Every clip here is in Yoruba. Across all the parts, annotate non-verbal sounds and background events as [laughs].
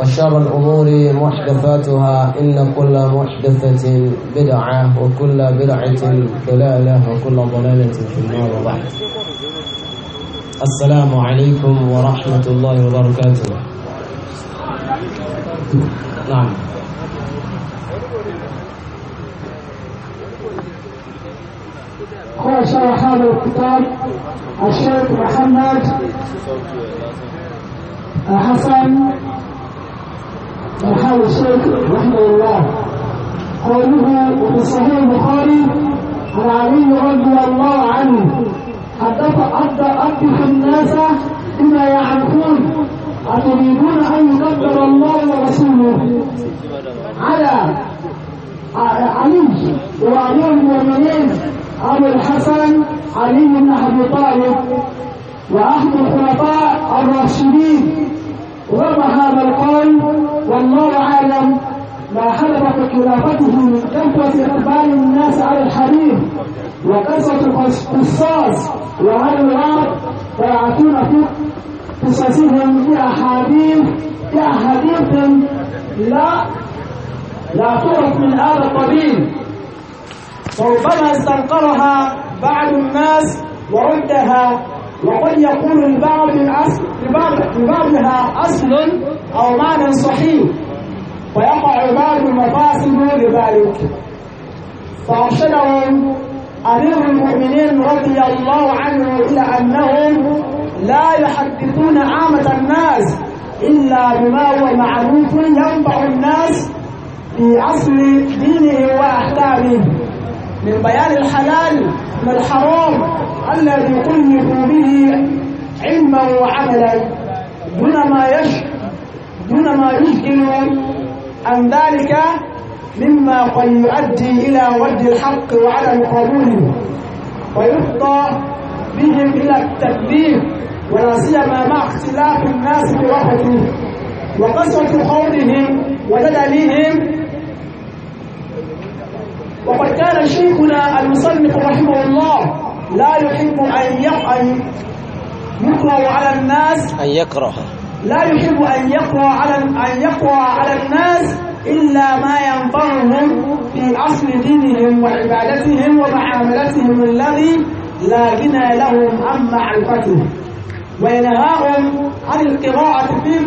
وشر الأمور محدثاتها إن كل محدثة بدعة وكل بدعة ضلالة وكل ضلالة في النار وبعد السلام عليكم ورحمة الله وبركاته نعم قال شرح هذا الكتاب الشيخ محمد حسن وحاول الشيخ رحمه الله قوله في صحيح البخاري عن علي رضي الله عنه حدث الناس بما يعرفون أتريدون أن يقدر الله ورسوله على آه، علي وأمير المؤمنين أبو الحسن علي بن أبي طالب وأحد الخلفاء الراشدين رمى هذا القول والله أعلم ما في خلافته من كثرة إقبال الناس على الحديث وكثرة القصاص وعلى العرب فيعطون في قصصهم بأحاديث كأحاديث لا لا تعرف من هذا القبيل ربما استنكرها بعض الناس وردها وقد يكون لبعض الأصل لبعض لبعضها أصل أو معنى صحيح ويقع بعض المفاسد لذلك فأرشدهم أمير المؤمنين رضي الله عنه إلى أنهم لا يحدثون عامة الناس إلا بما هو معروف ينفع الناس في أصل دينه وأحكامه من بيان الحلال والحرام الذي كلفوا به علما وعملا دون ما يش دون ما يشكل عن ذلك مما قد يؤدي إلى ود الحق وعدم قبوله ويفضى بهم إلى التكذيب ولا سيما مع اختلاف الناس برحمته وقسوة قولهم وجدلهم وقد كان شيخنا المصنف رحمه الله لا يحب أن يقرأ يقرأ على الناس أن يكره لا يحب أن يقرأ على أن يقرأ على الناس إلا ما ينفعهم في أصل دينهم وعبادتهم ومعاملتهم الذي لا غنى لهم عن معرفته وينهاهم عن القراءة في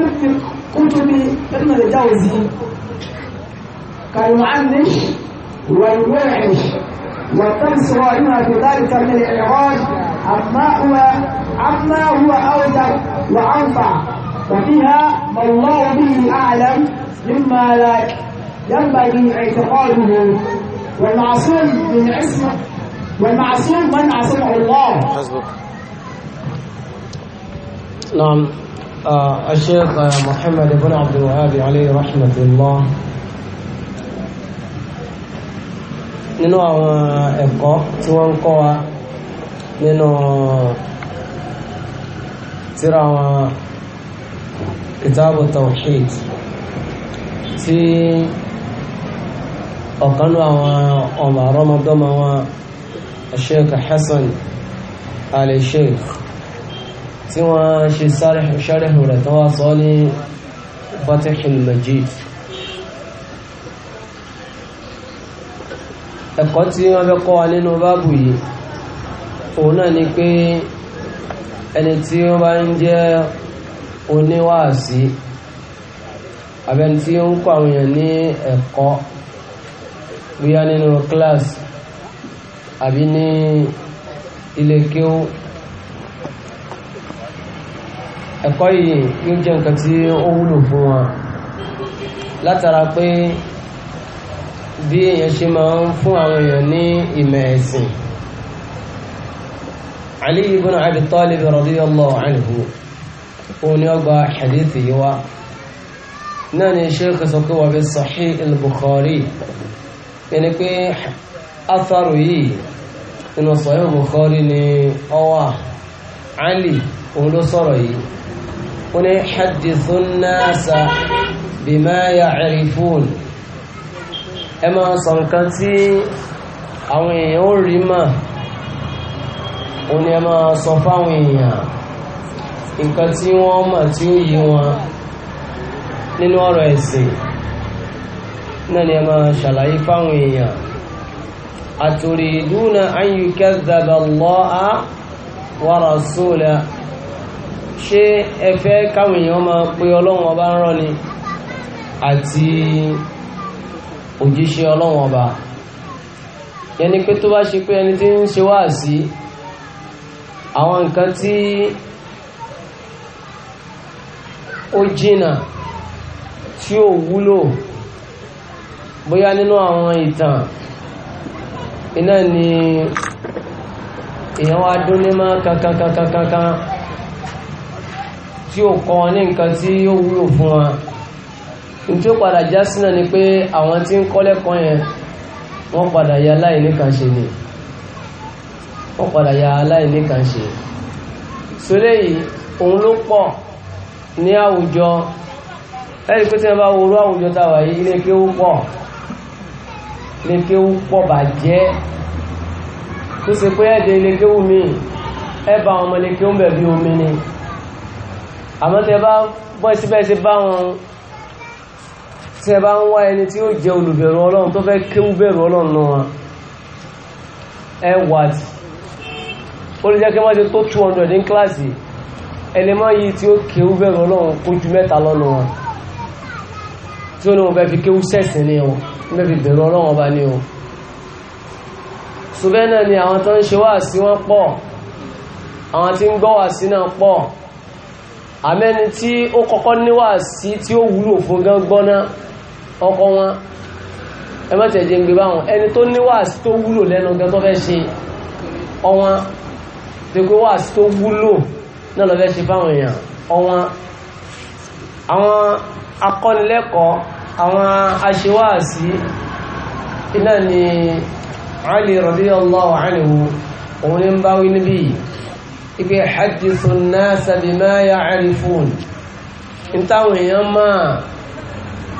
كتب ابن الجوزي كالمعنش والوعش وتنصر في بذلك من الإعراج عما هو عما هو أوثق وأنفع وفيها ما الله به أعلم مما لا ينبغي اعتقاده والمعصوم من اسم والمعصوم من عصمه الله نعم آه، الشيخ آه، محمد بن عبد الوهاب عليه رحمة الله nínú àwọn ẹ̀kọ́ tí wọ́n ń kọ́ wa nínú tíra àwọn kitabu tawhid tí ọ̀kanú àwọn ọmọ àrọ́mọdọ́mọ wọn sheikh Hassan ali sheikh tí wọ́n ṣe sáré ṣáré rẹ̀ tó wá sọ ní fatihul majid ẹ̀kọ́ tí wọ́n fẹ́ kọ́ wa nínú báàbù yìí òun náà ni pé ẹni tí wọ́n bá ń jẹ́ oníwàásí abẹni tí ó ń kọ́ àwọn èèyàn ní ẹ̀kọ́ bóyá nínú kíláàsì àbí ní ilé kéwú ẹ̀kọ́ yìí yóò jẹ́ nǹkan tí ó wúlò fún wa látara pé bí èèyàn ṣe máa ń fún àwọn èèyàn ní ìmọ̀ ẹ̀sìn Ali ibn Abi Talib radiyallahu anhu òun ni ó gba hadith yìí wá náà ni sheikh sọ pé wà bí sahih al ẹni pé atharu yìí nínú sahih al ni ó Ali òun ló sọ̀rọ̀ yìí ó ní hadithun nasa bima ya'rifun ẹ máa sọ nǹkan tí àwọn èèyàn ó rí mà ó ní ẹ máa sọ fáwọn èèyàn nǹkan tí wọ́n mọ̀ tí ó yí wọn nínú ọ̀rọ̀ ẹ̀sìn náà ni ẹ máa ṣàlàyé fáwọn èèyàn àtòrìdúnà ayùkẹ́dàbà lọ́á wàràsólà ṣé ẹ fẹ́ káwọn èèyàn máa pe ọlọ́run ọba ń rán ni àti òjíṣẹ́ ọlọ́run ọba yẹn ni pé tó bá ṣe pé ẹni tí ń ṣe wáàsí àwọn nǹkan tí ó jìnà tí ó wúlò bóyá nínú àwọn ìtàn iná ni èèyàn wá dún ní mọ́ kankankankankan tí ó kọ́ ní nǹkan tí ó wúlò fún wa ní tí ó padà já sínà ni pé àwọn tí ń kọ́lẹ́kọ́ yẹn wọ́n padà ya aláìníkànṣe ni wọ́n padà ya aláìníkànṣe sólẹ́ yìí òun ló pọ̀ ní àwùjọ ẹ̀rí pé tí wọ́n bá worú àwùjọ táwà yìí ilé kéwú pọ̀ ilé kéwú pọ̀ bàjẹ́ tó ṣe pé ẹ̀dẹ̀ ilé kéwú mi ẹ bá wọn ọmọ ilé kéwú bẹ̀ bí omi ni àmọ́ tẹ bá bọ́ síbẹ̀ sí bá wọn tí ẹ bá ń wá ẹni tí ó jẹ́ olùbẹ̀rù ọlọ́run tó fẹ́ kéwú bẹ̀rù ọlọ́run náà ẹ wà tí ó lè jẹ́ kí wọ́n ti tó 200 ní kíláàsì ẹlẹ́mọ́ yìí tí ó kéwú bẹ̀rù ọlọ́run kó ju mẹ́ta lọ́nà wọn tí ó ní wọn fẹ́ fi kéwú sẹ̀sìn ní wọn wọn fẹ́ fi bẹ̀rù ọlọ́run ọba ní wọn ṣùgbọ́n náà ni àwọn tó ń ṣe wáàsí wọn pọ̀ àwọn tí ń gbọ́ wáàsí náà pọ̀ àmẹ́ni tí ó kọ́kọ́ níwáàsí tí ó wúlò fún gángbọ́n náà ọkọ wọn ẹ má tẹ̀jẹ̀ ń gbé báwọn ẹni tó ní wáàsí tó wúlò lẹ́nu gan tó fẹ́ ṣe ọwọn tó pé wáàsí tó wúlò náà lọ fẹ́ ṣe fáwọn èèyàn ọwọn àwọn akọ́nilẹ́kọ̀ọ́ àwọn aṣewáàsí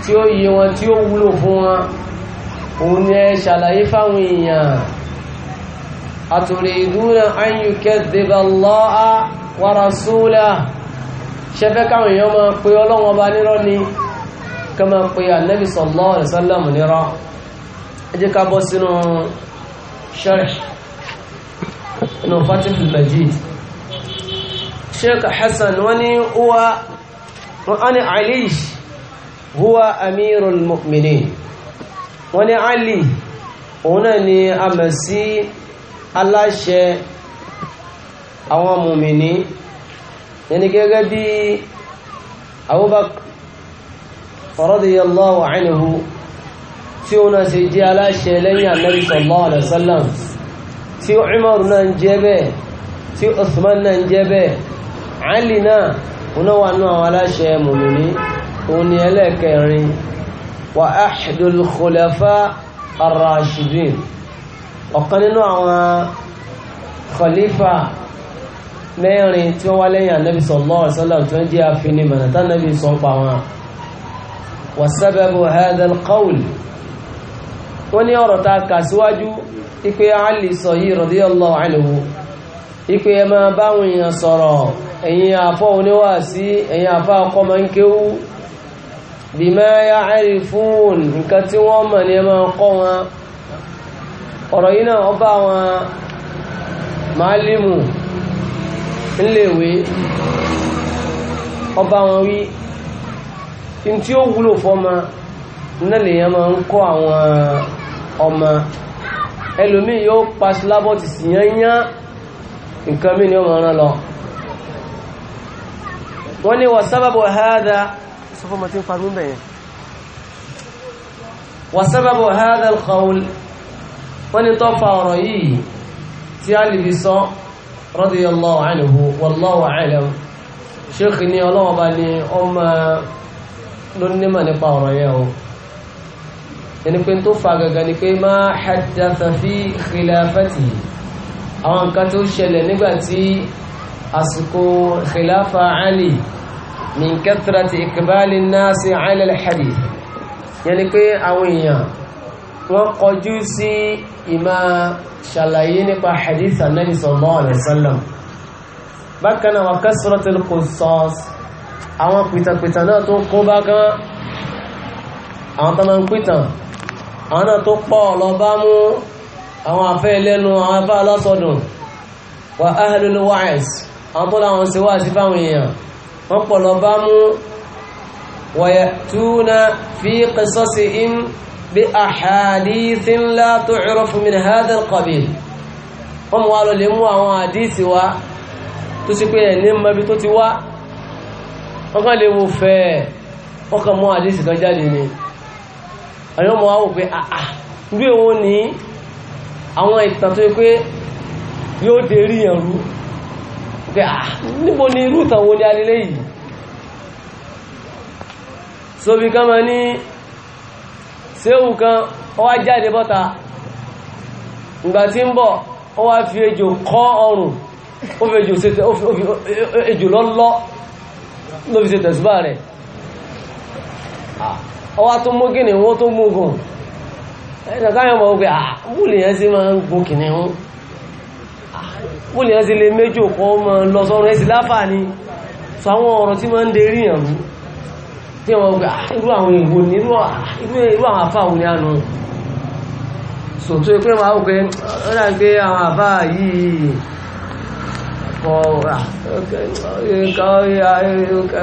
tí ó yé wọn tí ó wúlò fún wọn òun ni ẹ ṣàlàyé fáwọn èèyàn àtòrìdúnà ayùkẹ́ dèbàlọ́à wàrasúlà ṣẹfẹ́ káwọn èèyàn máa pe ọlọ́wọ́n bá nírọ́ ni ká máa pe ànábì sallallahu sheikh hasan wani uwa wani alish huwa amirul mu'minin wọ́n ní ali òun náà ni a mọ̀ sí aláṣẹ àwọn mùmìnì yẹni gẹ́gẹ́ bí abubakar radiyallahu anhu tí ó náà ṣe jẹ́ aláṣẹ lẹ́yìn annabi sallallahu alaihi wasallam tí umar náà ń jẹ́ bẹ́ẹ̀ tí usman náà ń ali náà òun náà wà nínú àwọn òun ni ẹlẹ́ẹ̀kẹrin wà ahdul khulafa ar-rashidin ọ̀kan nínú àwọn khalifa mẹ́rin tí wọ́n wá lẹ́yìn anabi sallallahu alaihi wasallam tí wọ́n jẹ́ àfihàn mọ̀nàtà anabi sọ pa wọn wà sababu hadha al-qawl wọ́n ní ọ̀rọ̀ ta kà síwájú ipe Ali sọ yìí radiyallahu anhu ipe ẹ máa báwọn èèyàn sọ̀rọ̀ ẹ̀yin àfọ́ oníwàásí ẹ̀yin àfọ́ akọ́mọ ń kéwú bima ya carifuun nka ti wọn ma ni ma kɔn wa ɔrɔ yi na ɔba wa maalimu nlewe ɔba wa wi nti o wulo fɔ ma nna le ya ma kɔ awa ɔma ɛlòmi yóò kpasi labɔ ti si nyanya nka mi ni ɔma na lɔ wani wa sababu haada. sọ fún ọmọ tí ń pariwo ń bẹ̀yẹn wàsábàbò hadha al-qawl wọ́n ni tó fa ọ̀rọ̀ yìí tí a lè fi sọ radiyallahu anhu wallahu a'lam ṣéèkì ní ọlọ́wọ́ bá ní ọmọ ló ní mà nípa ọ̀rọ̀ àwọn nǹkan tó ṣẹlẹ̀ nígbà àsìkò khilafa Ali min kathrati ikbali nasi ala al-hadith yẹni pé àwọn èèyàn wọ́n kọjú sí ìmá ṣàlàyé nípa hadith annabi sallallahu alaihi wasallam bákan náà wa kasrati al-qussas àwọn pìtàpìtà náà tó kó bá kán àwọn tó máa ń pìtàn àwọn náà tó pọ̀ ọpọlọ bá mú wayatuna fi qisasihim bí ahadithin la tu'rafu min hadha al-qabil wọ́n wá lọ lè mú àwọn àdíìsì wá tó sì pé ẹ̀ ní mọ́bí tó ti wá wọ́n lè wò fẹ́ wọ́n mú àdíìsì kan jáde ni àwọn ọmọ wa pé àà ah, ah, irú èwo ni àwọn ìtàn tó yẹ pé yóò dé rí yàn rú pé ah níbo ni irú ìtàn wo alilé yìí sóbi kan ma ní séwù kan ó jáde bọ́ta ìgbà tí ń bọ̀ fi ejò kọ́ ọrùn ó fi ejò ṣètò fi ejò lọ́lọ́ ló fi ṣètò ìsúbà rẹ̀ tó mú wọ́n tó mú gùn wọ́n lè ẹ́sì lè méjò kọ́ ọmọ lọ sọ́rọ̀ ẹ́sì láfà ní sọ àwọn ọ̀rọ̀ tí máa ń derí ìyànjú tí wọ́n gbé ah, irú àwọn ìwò ní irú àwọn àfà òní àná so tó ikú ma wọ́n pé ọ́nà àwọn àfà yìí kọ́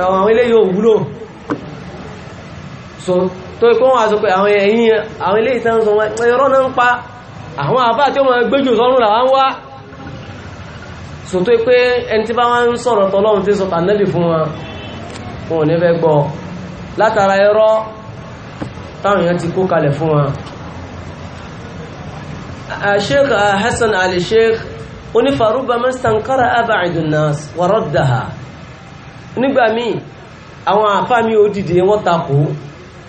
àwọn eléyìí ò wúlò so tó ikú wọn aṣọ pé àwọn ẹ̀yìn àwọn eléyìí tán sọ wọn ẹ̀rọ náà ń pa àwọn àfà tí ó máa gbéjò sọ́rùn làwọn wá sòtó pé ẹni tí bá wá ń sọ̀rọ̀ tọ́lọ́run tí ń sọ̀tà nẹ́bì fún wọn wọn ò ní fẹ́ gbọ́ látara irọ́ táwọn èèyàn ti kó kalẹ̀ fún wọn sheikh hassan ali sheikh onífàrúbà mẹ́sànkára abáàdùn nas wàrọ́dàá nígbà míì àwọn àfáàmì òdìdí wọ́n takò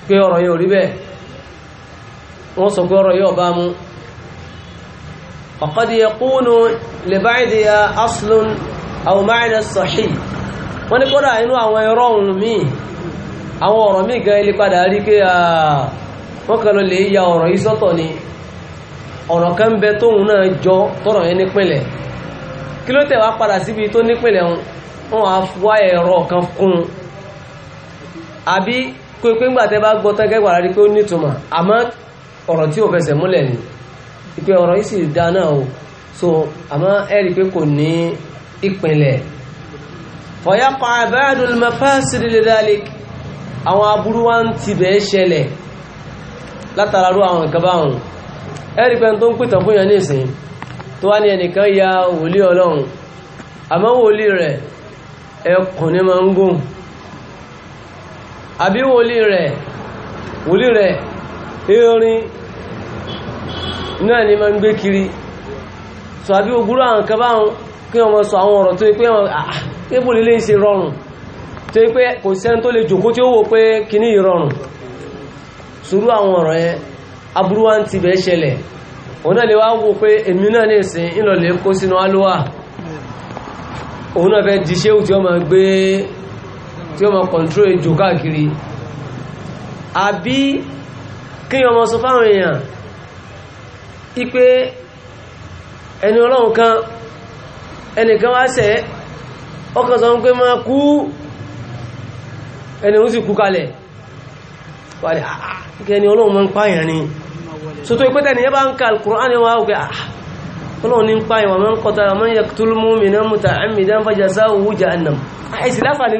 pé ọ̀rọ̀ yẹn ò rí bẹ́ẹ̀ wọ́n sọ pé ọ̀rọ̀ yẹn bá mu وقد يكون لبعضها أصل أو معنى صحيح wọ́n ní kọ́dà inú àwọn ẹ̀rọ ohun míì àwọn ọ̀rọ̀ míì gan ilé padà rí pé wọ́n kan lọ lè ya ọ̀rọ̀ yìí sọ́tọ̀ ni ọ̀rọ̀ kan ń bẹ tóun náà jọ tọ̀rọ̀ yẹn nípìnlẹ̀ kí ló tẹ̀ wá padà síbi tó nípìnlẹ̀ wọn á wá ẹ̀rọ kan kún un àbí pé pé ńgbà tẹ́ bá gbọ́ tán kẹ́gbàá rí pé ó nítumọ̀ àmọ́ ọ̀rọ̀ tí ò fẹsẹ̀ múlẹ̀ ni. ìpè ọ̀rọ̀ yìí sì dá o so àmọ́ ẹ̀rí pé kò ní ìpìnlẹ̀ fọyàpá àbáàdùn mafásirì lẹ́dálẹ́ àwọn aburú wa ń tibẹ̀ ṣẹlẹ̀ látàrárú àwọn nǹkan báwọn ẹ̀rí pé tó ń pìtàn fún yẹn tó wá ní ẹnìkan ya wòlí ọlọ́run àmọ́ wòlí rẹ̀ ẹkùn ní máa ń gùn àbí wòlí rẹ̀ wòlí rẹ̀ erin náà ni ma ń gbé kiri sọ àbí ogúrú àwọn kan báwọn kí wọ́n mọ sọ àwọn ọ̀rọ̀ tó yẹ pé wọ́n ah, kébù lílé ṣe rọrùn tó yẹ pé kò sẹ́ni tó lè jòkó tí ó wò pé kíní yìí rọrùn sùúrù àwọn ọ̀rọ̀ yẹn aburú wa ń tibẹ̀ ṣẹlẹ̀ òun náà lè wá wò pé èmi náà ní ìsìn ìlọ̀lẹ̀ kó sínú alówà òun náà fẹ́ di ṣéwù tí ó máa gbé tí ó máa kọ̀ntró ejò káàkiri àbí kí wọ́n mọ sọ fáwọn èèyàn ipe ẹni ọlọ́run kan ẹnìkan wá sẹ́ ọkàn sọ pé máa kú ẹni òun sì kú kalẹ̀ wà ní ah, ẹni ọlọ́run máa ń pààyàn ni so tó ìpẹ́tẹ̀ ni yẹ́ bá ń ka Al-Qur'an wá wùgbé ah, ọlọ́run ní pààyàn wà mọ́n qatala man yaqtul mu'minan muta'ammidan fajaza'uhu jahannam àìsìláfà ah,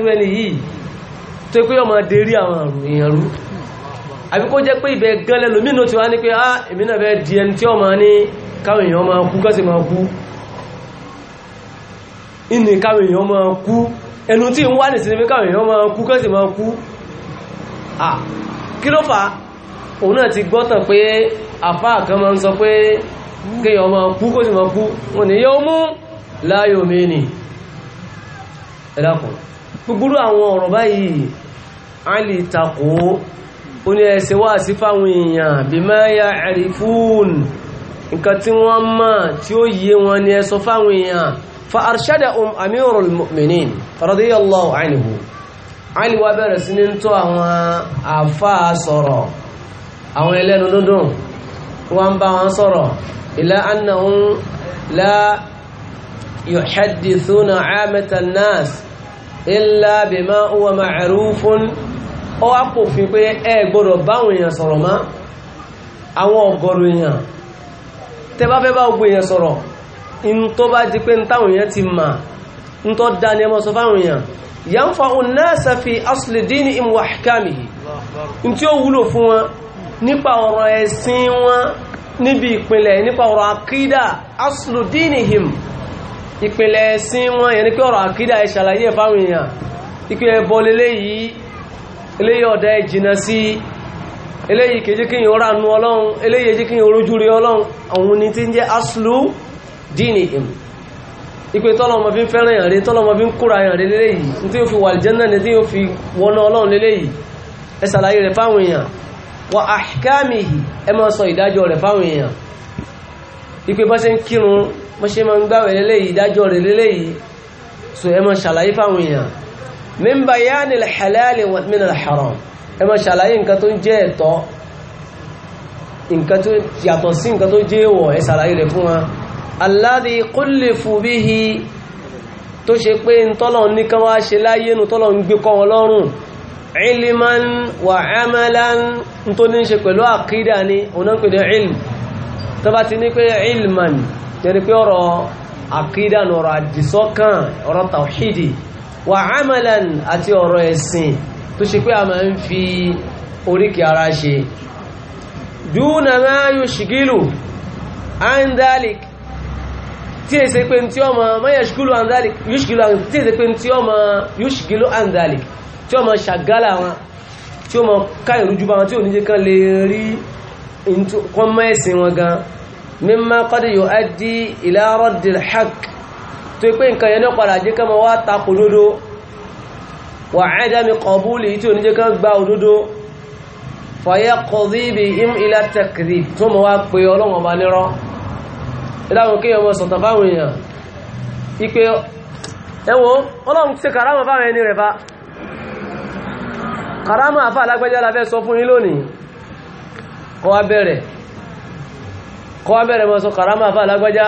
àbí kó jẹ́ pé ibẹ̀ gẹ́lẹ́ lómìnà tí wá ní pé á ah, èmi náà bẹ́ di ẹni tí ó máa ní káwọn èèyàn máa kú kọ́sì máa kú inú káwọn èèyàn máa kú ẹnu tí ń wá ní sinmi káwọn èèyàn máa kú kọ́sì máa kú kí ló fà òun náà ti gbọ́tàn pé àfáà kan máa ń sọ pé kéèyàn máa kú kọ́sì máa kú wọn ni yóò mú láyò mi ẹ̀dàkùn gbogbo àwọn ọ̀rọ̀ báyìí á lè takò ó ní ẹsẹ̀ wá sí fáwọn èèyàn bima ya'rifun nǹkan tí wọ́n mọ̀ tí ó yé wọn ni ẹsọ fáwọn èèyàn fa arshadahum amirul mu'minin radiyallahu anhu Ali wá bẹ̀rẹ̀ sí ní tọ́ àwọn àfá sọ̀rọ̀ àwọn ẹlẹ́nu dúndùn wọ́n bá wọn sọ̀rọ̀ ila annahum la yuhaddithuna 'amatan nas illa bima huwa ma'rufun ó wá pòfin pé ẹ gbọ́dọ̀ báwọn èèyàn sọ̀rọ̀ má àwọn ọ̀gọ̀rọ̀ èèyàn tẹ bá fẹ́ bá èèyàn sọ̀rọ̀ inú tó bá di pé táwọn èèyàn ti mà ń da ni ya sọ fáwọn èèyàn fi asli dinihim wa ahkamihi tí ó wúlò fún wọn nípa ọ̀rọ̀ ẹ̀sìn wọn níbi nípa ọ̀rọ̀ akídà ẹ̀sìn wọn yẹn pé ọ̀rọ̀ akídà fáwọn èèyàn yìí eléyìí ọ̀dá ìjìnà sí eléyìí kejì kí yíò ránú ọlọ́run eléyìí kejì kí yíò rójú rí ọlọ́run àwọn ní tí ń jẹ́ aslu dínì im ipe tọ́lọ́mọ fi ń fẹ́ràn yàn rí tọ́lọ́mọ fi ń kúra yàn rí léléyìí ní tí yóò fi wà àlùjánnà ní tí yóò fi wọná ọlọ́run léléyìí ẹ ṣàlàyé rẹ̀ fáwọn èèyàn wa ahkamihi ẹ máa sọ ìdájọ́ rẹ̀ fáwọn èèyàn ipe bá ṣe ń kírun bá ṣe máa ń gbàwẹ̀ léléyìí ìdájọ́ rẹ̀ léléyìí so ẹ máa ṣàlàyé fáwọn èèyàn min bayani alhalali wa min alharam ẹ máa ṣàlàyé nǹkan tó ń jẹ́ ẹ̀tọ́ nǹkan tó yàtọ̀ sí nǹkan tó jẹ́ èèwọ̀ ẹ ṣàlàyé rẹ̀ fún wa alladhi kullifu bihi tó ṣe pé ntọ́lọ̀ ní kan wá ṣe láyé nu tọ́lọ̀ ń gbé kọ́ wọn lọ́rùn ilman wa amalan tó ní ṣe pẹ̀lú àkídà ni ọ̀nà pẹ̀lú ilm tó bá ti ní pé ilman jẹ́ni pé ọ̀rọ̀ àkídà ọ̀rọ̀ àdìsọ́kàn ọ̀rọ̀ tawhidi wà amalan àti ọ̀rọ̀ ẹ̀sìn tó ṣe pé a máa ń fi oríkì ara ṣe dúnà máa yóò ṣìgílù andalik tí è ṣe pé tí ó ma máyà ṣìgílù andalik yóò ṣìgílù andalik tí è ó ma ṣàgálà wọn tí ó ma ká ìrújú bá wọn tí ò ní jẹ́ lè rí kọ́mọ́ ẹ̀sìn wọn gan mímá qad yuaddi ila raddil haqq tó pé nǹkan yẹn náà padà jẹ́ kẹ́mọ wá takò òdodo wà ádámi kọ̀búlì tí ò ní jẹ́ kẹ́mọ gba òdodo fàyẹ́ kọ̀dí ibi im ilá tẹ̀kìrì tó mọ̀ wá pé ọlọ́wọ̀n ọba nírọ́ ìdáhùn kí ọmọ sọ̀tàn báwọn èèyàn ipe ẹwọ́ ọlọ́run ti kàrámà fáwọn ẹni kọ́ wá bẹ̀rẹ̀ kọ́ àfà alágbẹ́já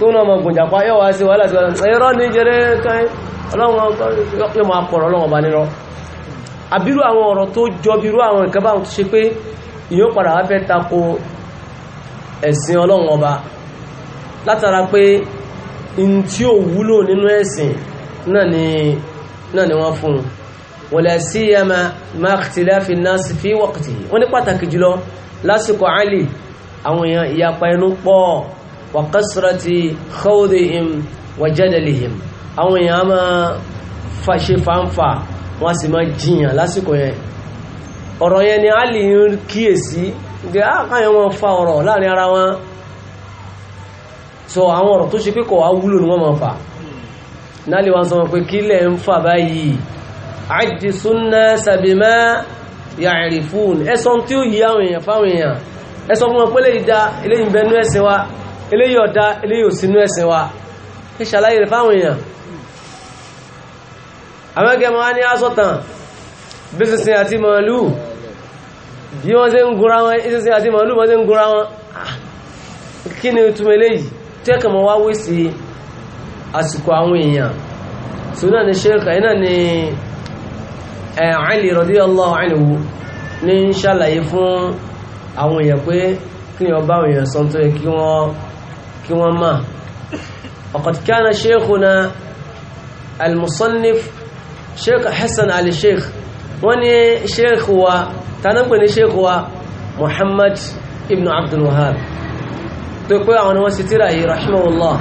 tó náà mọ̀ gùnjàpá yọ́ wá sí wàhálà sí wàhálà ẹ̀rọ ní jẹ́rẹ́ kan ọlọ́run yọ́ máa kọ̀rọ̀ ọlọ́run bá nírọ́ àbírú àwọn ọ̀rọ̀ tó jọ bírú àwọn nǹkan báwọn tó ṣe pé ìyóò padà wá fẹ́ tako ẹ̀sìn ọlọ́run ọba látara pé in tí ò wúlò nínú wọ́n fún wọ́n lẹ́ sí ẹ̀mà máàkìtìláfì náà sì fi wọ́kìtì wọ́n ní pàtàkì jùlọ lásìkò Àlì àwọn èèyàn ìyapa ẹnu pọ̀ wa qasrati khawdihim wa jadalihim àwọn èèyàn máa fàṣe fàǹfà wọ́n sì máa jiyàn lásìkò yẹn ọ̀rọ̀ yẹn ni Ali ń kíyèsí gẹ́ àkáyẹ̀ ah, wọn fa ọ̀rọ̀ láàrin ara wọn so àwọn ọ̀rọ̀ tó ṣe pé kò wá wúlò ni wọ́n máa fà náàlì wọn sọ wọn pé kílẹ̀ ń fà báyìí àti súnná sàbímá ya'rifun ẹ̀sọ́ tí ó yí àwọn èèyàn fáwọn èèyàn ẹ̀sọ́ fún wọn pé lè dá eléyìí bẹnu ẹ̀sìn wa eléyìí ọ̀dá eléyìí ò sínú ẹ̀sìn wa ní ṣàlàyé rẹ̀ fáwọn èèyàn amẹ́gẹ̀mọ́ á ní asọ́tàn bí sísin àti màálù bí wọ́n ṣe ń gúnra wọn sísin àti màálù wọ́n ṣe ń gúnra wọn kí ni ìtumọ̀ eléyìí tí ẹ̀kàn wá wé sí àsìkò àwọn èèyàn tí ó náà ni ṣẹ́ẹ̀kà iná ni Ali radiyallahu anhu ní ṣàlàyé fún àwọn èèyàn pé kí ni ọba àwọn èèyàn sọ tó yẹ kí wọ́n kí وقد كان شيخنا المصنف شيخ حسن علي شيخ وني شيخ و تنقل شيخ و محمد ابن عبد الوهاب تقول عن وستره رحمه الله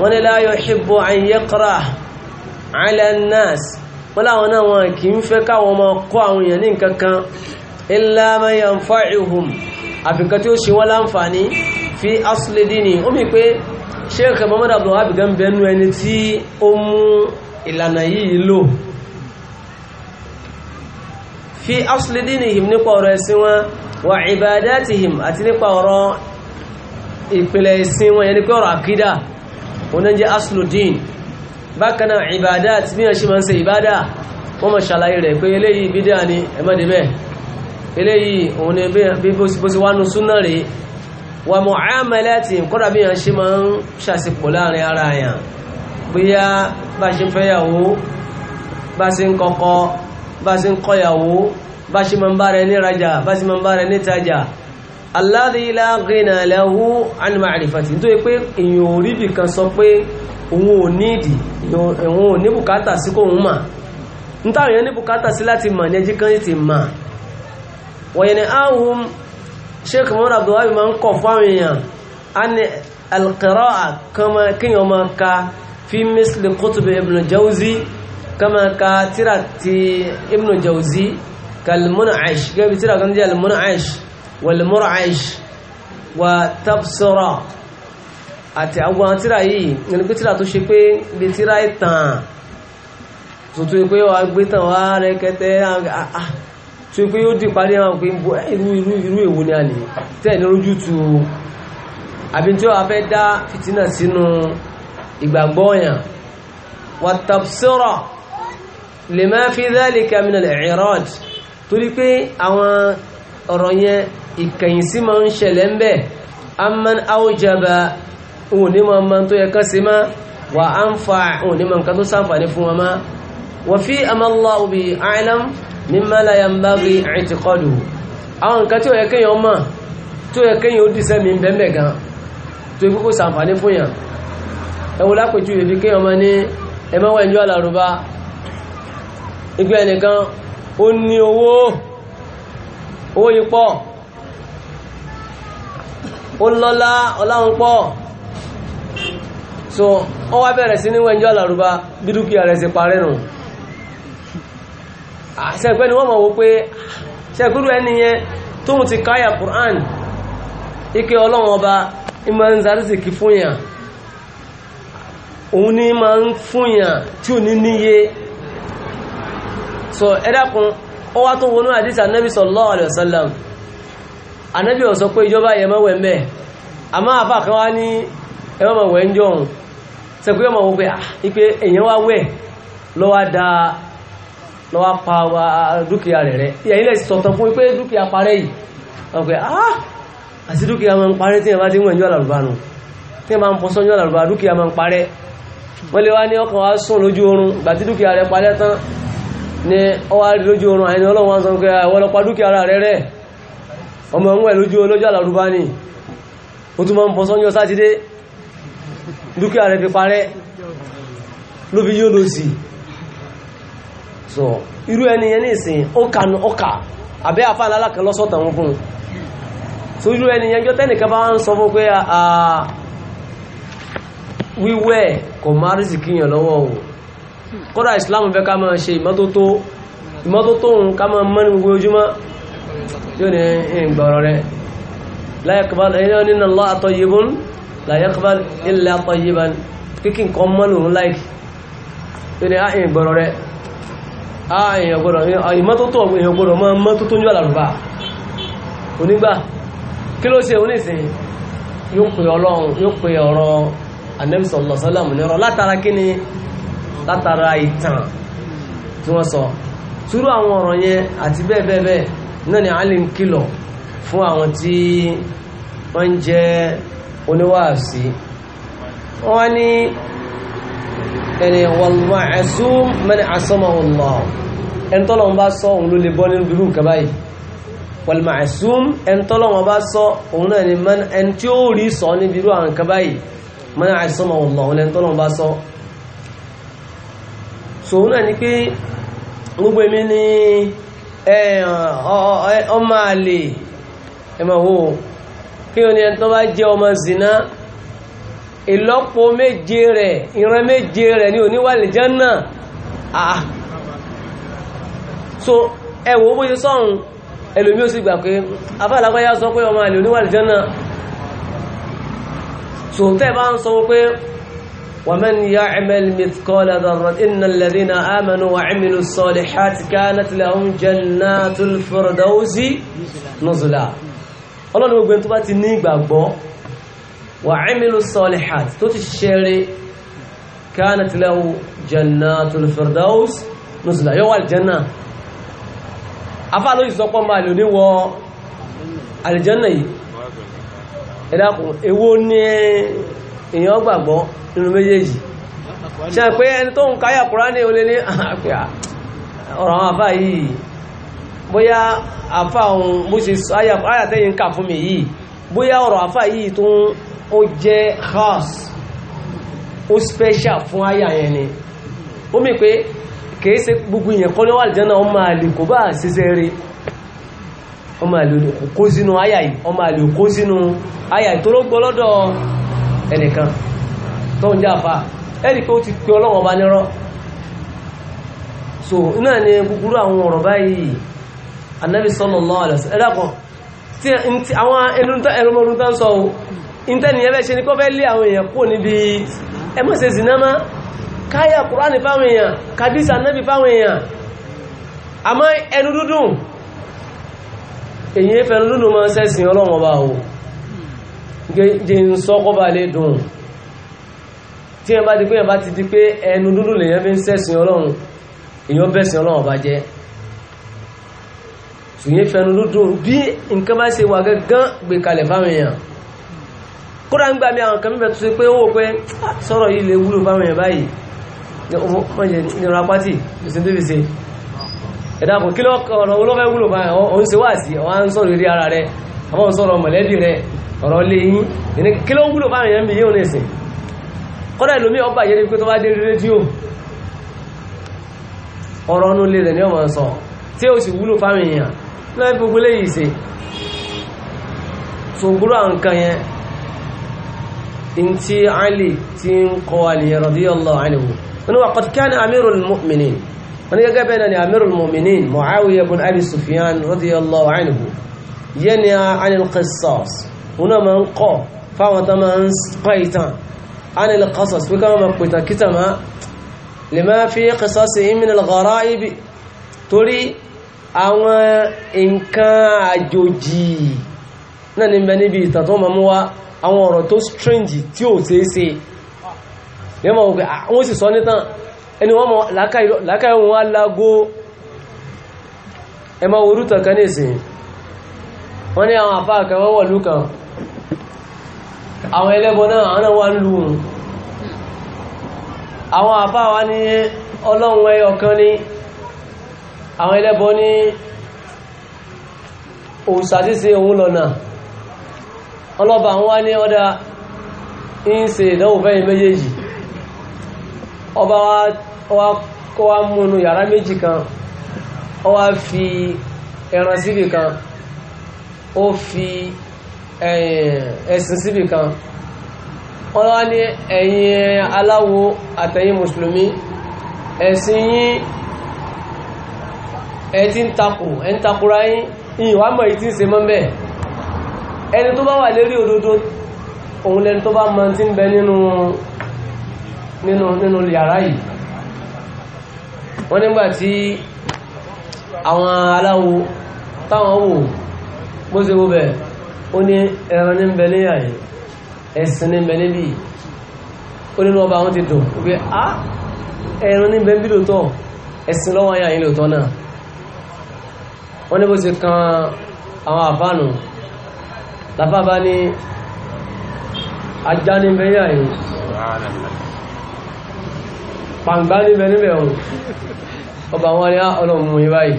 وني لا يحب أن يقرأ على الناس ولا هنا وكيم فكا وما قوى يعني كان إلا ما ينفعهم àfikà tí ó ṣe wọ́n láǹfààní fi asìlédìní ó mi pé Sheikh Muhammad Abdul Wahab gan bẹnu ẹni tí ó mú ìlànà yìí lò fi asìlédìnihim nípa ọ̀rọ̀ ẹ̀sìn wọn wà ibadatihim àti nípa ọ̀rọ̀ ìpìlẹ̀ ẹ̀sìn wọn yẹni pé ọ̀rọ̀ àkídà wọn náà jẹ́ asìlédìn bákan náà ìbàdá àti bí wọ́n ṣe máa ń ṣe ìbàdá wọ́n mọ̀ ṣàlàyé rẹ̀ pé eléyìí bídà ni ẹ̀mọ́dé bẹ́ẹ̀ eléyìí òun ni bí bó ti wá nu súnà rè wà mọ̀ àmàlẹ́tì kọ́dà bí yàn ṣe máa ń ṣàṣepọ̀ láàrin ara yàn bóyá bá ṣe ń fẹ́yàwó bá ṣe ń kọ́kọ́ bá ṣe ń kọ́yàwó bá ṣe máa ń bára ẹni rajà bá ṣe máa ń bára ẹni tajà alladhi la ghina lahu an ma'rifati nítorí pé èèyàn ò rí bìkan sọ pé òun ò ní ìdì òun ò ní bùkátà sí kò ń mà nítorí èèyàn ní bùkátà sí láti mà ní ẹjí kan ti mà wọ̀nyẹ̀ni ahùn sheikh muhammad abdullahi ma ń kọ̀ fáwọn èèyàn a ní alqira'a kama kíyàn ma ka fi misli kutubi ibn jauzi kama ka tira ti ibn jauzi kalmunaish gẹ́bi tira kan jẹ́ almunaish walmuraish wa tabsira àti àwọn tírà yìí ẹni pé tírà tó ṣe pé bí tírà ìtàn tuntun pé wà gbé tàn wá rẹ̀kẹ́tẹ́ tí ó pé ó dì parí àwọn pé irú irú irú èwo ni a lè tẹ́ ní lójú tu àbí tí ó wà fẹ́ dá fìtínà sínú ìgbàgbọ́ ọ̀yàn wà tàbsírọ̀ lè máa fi dhalika min al-i'rad torí pé àwọn ọ̀rọ̀ yẹn ìkẹyìn sí máa ń ṣẹlẹ̀ ń bẹ̀ amman awjaba òun ní máa máa tó yẹ kán sí máa wà á ń fa òun ní máa nǹkan tó sáǹfààní fún wọn máa wà fi amallahu bi a'lam mímọ́ láyà ń bá rí i'tiqadu àwọn nǹkan tí ó yẹ kéèyàn mọ̀ tó yẹ kéèyàn ó dìsẹ́ mi bẹ́ẹ̀ gan tó ikú kó sàǹfààní fún yàn ẹwọ lápẹjú ìbí kéèyàn mọ́ ní ẹmọ́wọ́ ẹ̀njọ́ àlàrúbá ìgbẹ́ ẹnìkan ó ní owó owó yìí ó lọ́lá ọláhun pọ̀ so ó wá bẹ̀rẹ̀ sí níwọ̀ ẹ̀njọ́ àlàrúbá bí dúkìá rẹ̀ sì parẹ́ nù àṣẹ́gbẹ́ ah, ni wọ́n mọ̀ wó pé ṣẹ́gbẹ́rú ẹni yẹn tó mú ti káyà Qur'an ike ọlọ́wọ́n ọba ìmọ̀ ń zarísìkì fún òun ní ma ń fún tí ò ní níye so ẹ̀dàkùn ó wá tó wọnú àdísà anábì sallallahu alaihi wasallam anábì pé ìjọba yẹ mọ́wẹ̀ mẹ́ àmọ́ wá ní ẹwọ́n ń jọun sẹ́kúyọ́ mọ̀ wọ́n pé ah, èèyàn wá wẹ̀ lọ́wọ́ dáa lọ wá pa wa dúkìá rẹ̀ rẹ̀ ìyẹn ilẹ̀ sọ̀tàn fún pé dúkìá parẹ́ yìí wọ́n pẹ́ ah àti dúkìá máa ń parẹ́ tí ẹ̀ bá ti ń wọ̀nyí àlàrúbá nù tí ẹ̀ máa ń pọ̀ sọ́nyí àlàrúbá dúkìá máa ń parẹ́ wọ́n lè ni ọ wá rí lójú oorun àyẹ̀ni ọlọ́run wá sọ pé àwọn ah, ọlọ́pàá dúkìá rẹ̀ rẹ̀ ọmọ ń wẹ̀ lójú olójú àlàrúbá ni ó tún yóò lọ sí so irú ẹni yẹn ní ìsìn ọkà ní ọkà àbẹ́ àfáà lálákan lọ́sọ̀tàn wọn fún un so irú ẹni yẹn jọ tẹ́nìkan bá ń sọ fún pé ah, ah, wíwẹ̀ kò má rí sìkìyàn lọ́wọ́ o kódà Islam fẹ́ ká máa ṣe ìmọ́tótó ìmọ́tótó òun ká máa mọ́ ní gbogbo ojúmọ́ yóò ní ìgbọ̀rọ̀ rẹ̀ la yaqbal ẹ̀yọ́ nínú Allah tayyibun la yaqbal illa tayyiban kíkì nǹkan mọ́ lòun láìkì yóò ní ìgbọ̀rọ̀ ah, rẹ̀ Ah, èèyàn gbọ́dọ̀ ah, ìmọ́tótó èèyàn gbọ́dọ̀ mọ́ mọ́tótó ní àlàrùbá onígbà kí ló ṣe oníṣẹ́ yóò pè ọlọ́run yóò pè ọ̀rọ̀ anẹ́bìsọ̀lọ̀ sọ́làmù ní ọ̀rọ̀ látara kí ni látara ìtàn tí wọ́n sọ túrú àwọn ọ̀rọ̀ yẹn àti bẹ́ẹ̀ bẹ́ẹ̀ bẹ́ẹ̀ náà ni alim kìlọ̀ fún àwọn tí wọ́n ń jẹ́ oníwàásí wọ́n ní ẹni wàlúwà ẹ̀sùn mẹ́ni àsọ́mọ̀ ọ̀lọ́ ẹni tọ́lọ́wọ́n bá sọ òun ló lè bọ́ nínú irú nǹkan báyìí wàlúwà ẹ̀sùn ẹni tọ́lọ́wọ́n bá sọ òun náà ni ẹni tí ó rí sọ níbi irú àwọn nǹkan báyìí mẹ́ni àsọ́mọ̀ ọ̀lọ́ bá sọ. sòun náà ni pé gbogbo èmi ni ọmọ àlè ẹ̀ máa wò kí ni ẹni tó bá jẹ́ ọmọ zina ìlọ́po méje rẹ̀ ìran méje rẹ̀ ní oníwàlẹ̀ jẹ́nà àà ah. so ẹwọ bóyí sọ́run ẹlòmí ó sì gbà pé afẹ́lágbáyá sọ pé ọmọ àlè oníwàlẹ̀ jẹ́nà so tẹ́ bá ń sọ pé ومن يعمل مثقال ذرة إن الذين آمنوا وعملوا الصالحات كانت لهم جنات الفردوس نزلا ọlọ́run gbogbo tó bá ti ní ìgbàgbọ́ وعملوا الصالحات تتشري كانت له جنات الفردوس نزلا يوم الجنة أفعلوا يزقوا ما لوني و الجنة إلاكم إيوني إيون بابو nínú méjèèjì ṣe pé ẹni tó ń káyà kúránì olè ní ah, ah, ah, ọ̀rọ̀ àwọn àfà yìí bóyá àfà ohun mú ṣe ayàtẹ́yìn kà fún mi yìí bóyá ọ̀rọ̀ àfà yìí tó ó jẹ́ khas ó special fún ayayi yẹn ni ó mì pé kìí gbogbo èèyàn kọ́ níwà àlìjánà ọmọ àlè kò bá ṣiṣẹ́ rí ọmọ ayayi kó sínú àyà yìí ọmọ àlè kó sínú àyà yìí tó ló gbọ́ lọ́dọ̀ ẹnìkan tó ń pé ó ti pe ọlọ́wọ́ bá nírọ́ so náà ni gbogbo àwọn ọ̀rọ̀ báyìí Ànábì sallallahu alaihi wasallam ẹ̀dàkọ̀ àwọn ẹnu nta tán sọ ìntẹ́ni ẹ̀fẹ́ ṣe ní kọ́ fẹ́ lé àwọn èèyàn kò níbi ẹmọ́sẹ̀ sí náà má káyà kùránì fáwọn èèyàn kàdísà náàbì fáwọn èèyàn àmọ́ ẹnu dúdùn èyí ẹfẹ́ ẹnu dúdùn máa ń sẹ́sìn ọlọ́run ọba o jẹ́ ń sọ́kọ́ bá lè dùn tí ẹ bá di bí nǹkan bá ṣe wà gẹ́gán gbé fáwọn èèyàn kódà ń gbà mí àwọn kan mẹ́fẹ́ tó ṣe pé ó wò pé ah, sọ̀rọ̀ yìí lè wúlò fáwọn èèyàn báyìí nira pátì ìsìn tó fi ṣe ẹ̀dàkùn kí ọ̀rọ̀ olófẹ́ wúlò báyìí òun ṣe wà sí ọ̀wá ń sọ̀rọ̀ rí ara rẹ̀ àwọn ń sọ̀rọ̀ mọ̀lẹ́bí rẹ̀ ọ̀rọ̀ lẹ́yìn ìní kí ló ń wúlò fáwọn èèyàn bí yóò ní ìsìn kódà ìlòmí ọba yẹn ni pé tó bá dé rédíò ọ̀rọ̀ ọ̀nù lè rẹ̀ ní ọmọ sọ tí ó sì wúlò fáwọn èèyàn lọ́wọ́ gbogbo lẹ́yìn ìsìn sògbúrò àwọn nǹkan yẹn ntí ali ti ń kọ́ alìyẹ radiyallahu anhu wọn ni waqad kana amirul mu'minin wọn ni gẹ́gẹ́ bẹ́ẹ̀ náà ni amirul mu'minin muawiya bin abi sufyan radiyallahu anhu yẹn ni anil qisas wọn náà máa ń kọ́ fáwọn tó máa ń kọ́ ìtàn anil qisas wíkà máa pètà kìtà máa lima fi qisasihim min al-gharaib torí àwọn nǹkan àjòjì náà ni bẹ níbi ìtàn tó máa mú wa àwọn ọ̀rọ̀ tó strange tí ò ṣeé ṣe ní ọmọ ògbé àwọn ah, sì sọ nítàn ẹni wọ́n mọ̀ lákàí wọn wá lágó ẹmọ orútọ̀ kan ní ìsìn wọ́n ní àwọn àfáà kan wọ́n wọ̀lú kan àwọn ẹlẹ́bọ náà àwọn náà wá ń lù wọn àwọn àfáà wá ní ọlọ́run ẹyọ kan ní àwọn ẹlẹ́bọ ní òòsà ṣíṣe òun lọ́nà ọlọ́ba àwọn wá ní ọ́dá ń ṣe ìdánwò fẹ́yìn méjèèjì ọba wá múnú yàrá méjì kan ó wá fi ẹran síbì kan ó fi ẹ̀sìn síbì kan ọlọ́wá ní ẹ̀yin aláwo àtẹ̀yin mùsùlùmí ẹ̀sìn yín ẹ̀ ti ń takò ẹ̀ ń takòrá yín ìwà mọ̀ ìtí ẹni tó bá wà lérí òdodo òun lẹni tó bá mọ tí ń bẹ nínú nínú nínú yàrá yìí wọ́n nígbà tí àwọn aláwo táwọn wò bó ṣe wo bẹ̀ ó ní ẹran ní ń bẹ ní àyè ẹ̀sìn ní ń bẹ níbí ó nínú ọba àwọn ti dùn ó á ẹran ní ń bẹ lóòótọ́ ẹ̀sìn lọ́wọ́ ayé àyè lóòótọ́ náà wọ́n ní bó ṣe kan àwọn àfáànù lafa bá ní ajá ní bẹ́yà yìí pàǹgbá ní bẹ níbẹ̀ ọ̀hún ọba wọn ni ah, ọlọ́mù yìí báyìí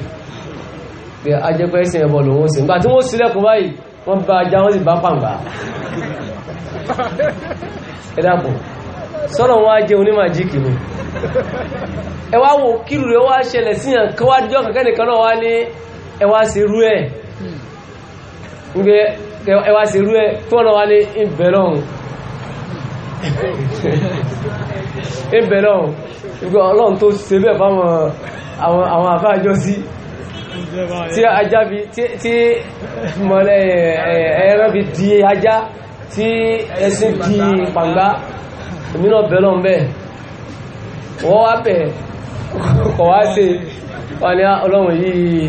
pé ajẹ́pẹ́ sí ẹbọ lòun sí nígbà tí wọ́n sílẹ̀kùn báyìí wọ́n bá ajá wọ́n sì bá pàǹgbá ẹ dàpọ̀ sọ́nà wọn á jẹ onímọ̀ jíkì ni ẹ wá wo kírù rẹ wá ṣẹlẹ̀ síyàn kọ́wádìí ọ̀kẹ́kẹ́ nìkan náà wá ní ẹ wá sí irú ẹ̀ nígbé ẹwà sí irú ẹ tí wọ́n náà wá ní ìbẹ̀lọ́hùn ìbẹ̀lọ́hùn [laughs] ìgbé ọlọ́run tó ṣe bẹ́ẹ̀ fáwọn àwọn àfáàjọ́ sí tí ajá fi tí mọ̀lẹ́ ẹran fi di ajá tí ẹṣin di pàǹgbá ìmíràn bẹ̀lọ́hùn bẹ́ẹ̀ wọ́n wá bẹ̀ kọ̀ wá sí wà ní ọlọ́run yìí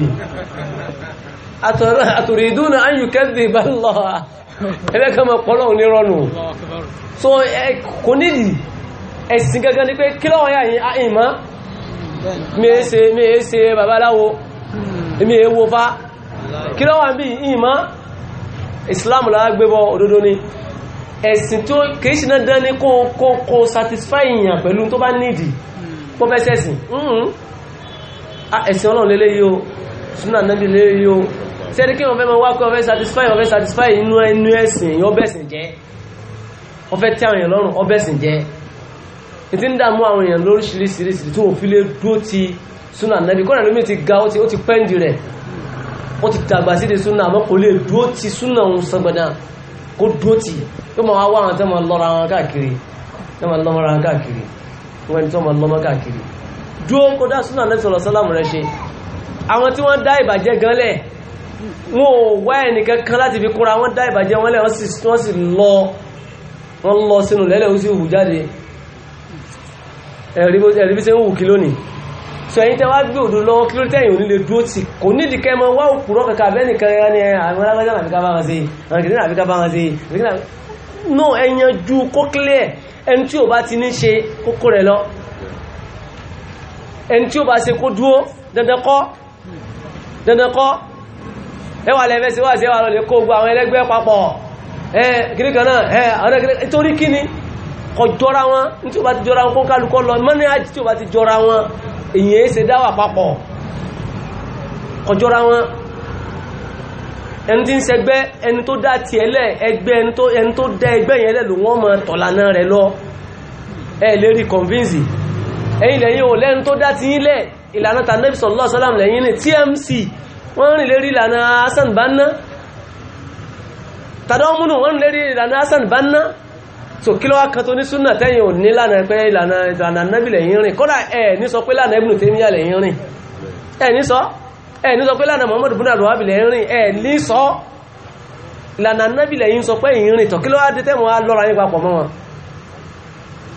àtòrídúnà ayùkẹ́dì bá lọ ẹlẹ́kàmọ̀ pọ́lọ̀ onírọ̀nù so kò nídi ẹ̀sìn gangan ni pé kí lọ́wọ́ yà yìí àìmá mẹ́ẹ̀ẹ́sẹ babaláwo mẹ́ẹ̀ẹ́wò fa kí lọ́wọ́ bí ìmá islam lágbébọ̀ òdodo ni ẹ̀sìn tó kìí sí náà dání kó satisfy èèyàn pẹ̀lú tó bá nídi kó fẹ́ sẹ́sìn mm-hmm. ẹ̀sìn ọlọ́run lélẹ́yìí o sẹ́ni kí wọ́n fẹ́ máa wá pé wọ́n fẹ́ satisfy wọ́n fẹ́ satisfy inú ẹnu ẹ̀sìn yọ bẹ́sìn jẹ́ wọ́n fẹ́ tẹ́ àwọn èèyàn lọ́rùn ọ bẹ́sìn jẹ́ ètí ń dààmú àwọn èèyàn lóríṣiríṣiríṣi tí wọ́n fi lè dúró ti súnà nàbí kọ́nà lómi ti ga ó ti pẹ́ǹdì rẹ̀ ó ti dàgbà sí ti súnà àmọ́ kò lè dúró ti súnà òun sọgbọ̀dá kó dúró ti yóò máa wá àwọn tẹ́mọ̀ lọ́ra wọn káàkiri àwọn tí wọ́n dá ìbàjẹ́ gan lẹ̀ wọn ò wá ẹnìkan kan láti fi kóra wọn dá ìbàjẹ́ wọn lẹ̀ wọ́n sì lọ wọ́n lọ sínú lẹ́lẹ̀ ó sì hù jáde ẹ̀rí bí ṣe ń hù kí lónìí so ẹ̀yin tẹ́ wá gbé òdò lọ́wọ́ kí ló tẹ́yìn onílé dúró tì kò nídìí kẹ́ mọ wá òkúrọ́ kankan abẹ́nìkan ẹ̀yà ni ah, àwọn alágbájá nàbíká bá wọn sí àwọn àbíká bá wọn sí no ẹ̀yanjú kó clear ẹni tí ò bá ti ní ṣe kókó rẹ̀ lọ ẹni tí ò bá ṣe kó dúró dandan kọ́ dandan kọ́ ẹwà lẹ́fẹ́ sí wá sí ẹwà lọ́lẹ̀ kó gbọ́ àwọn ẹlẹ́gbẹ́ papọ̀ ẹ kiri kan náà ẹ àwọn ẹgbẹ́ torí kí ni kò jọra wọn ní tí o bá ti jọra wọn kó kálukọ́ lọ mọ́ni àti tí o bá ti jọra wọn èyí ẹ ṣe dáwà papọ̀ kò jọra wọn ẹni tí ń ṣẹgbẹ́ ẹni tó dá tiẹ̀ lẹ̀ ẹgbẹ́ ẹni tó dá ẹgbẹ́ yẹn lẹ̀ ló wọ́n mọ tọ̀lànà rẹ̀ lọ ẹ lè convince ẹ̀yin lẹ́yìn ò lẹ́ni tó dá ti yín lẹ̀ ìlànà tàbí sọ̀lọ́ sọ́lá wọ́n rìn lérí ìlànà Hassan Banna tàdọ́múnù wọ́n rìn lérí ìlànà Hassan Banna so kí ló wá kan tó ní súnà tẹ́yìn ò ní lánàá pé ìlànà ìlànà nábìlẹ̀ yìí rìn kódà ẹ̀ ní sọ pé lánàá Ibn Taymiyyah lẹ̀ yìí rìn ẹ̀ ní sọ ẹ̀ ní sọ pé lánàá Muhammad ibn Abdul-Wahhab lẹ̀ yìí rìn ẹ̀ ní sọ ìlànà nábìlẹ̀ yìí sọ pé yìí rìn tọ̀ kí ló wá dé tẹ́mọ̀ lọ́ra yín papọ̀ mọ́ wọn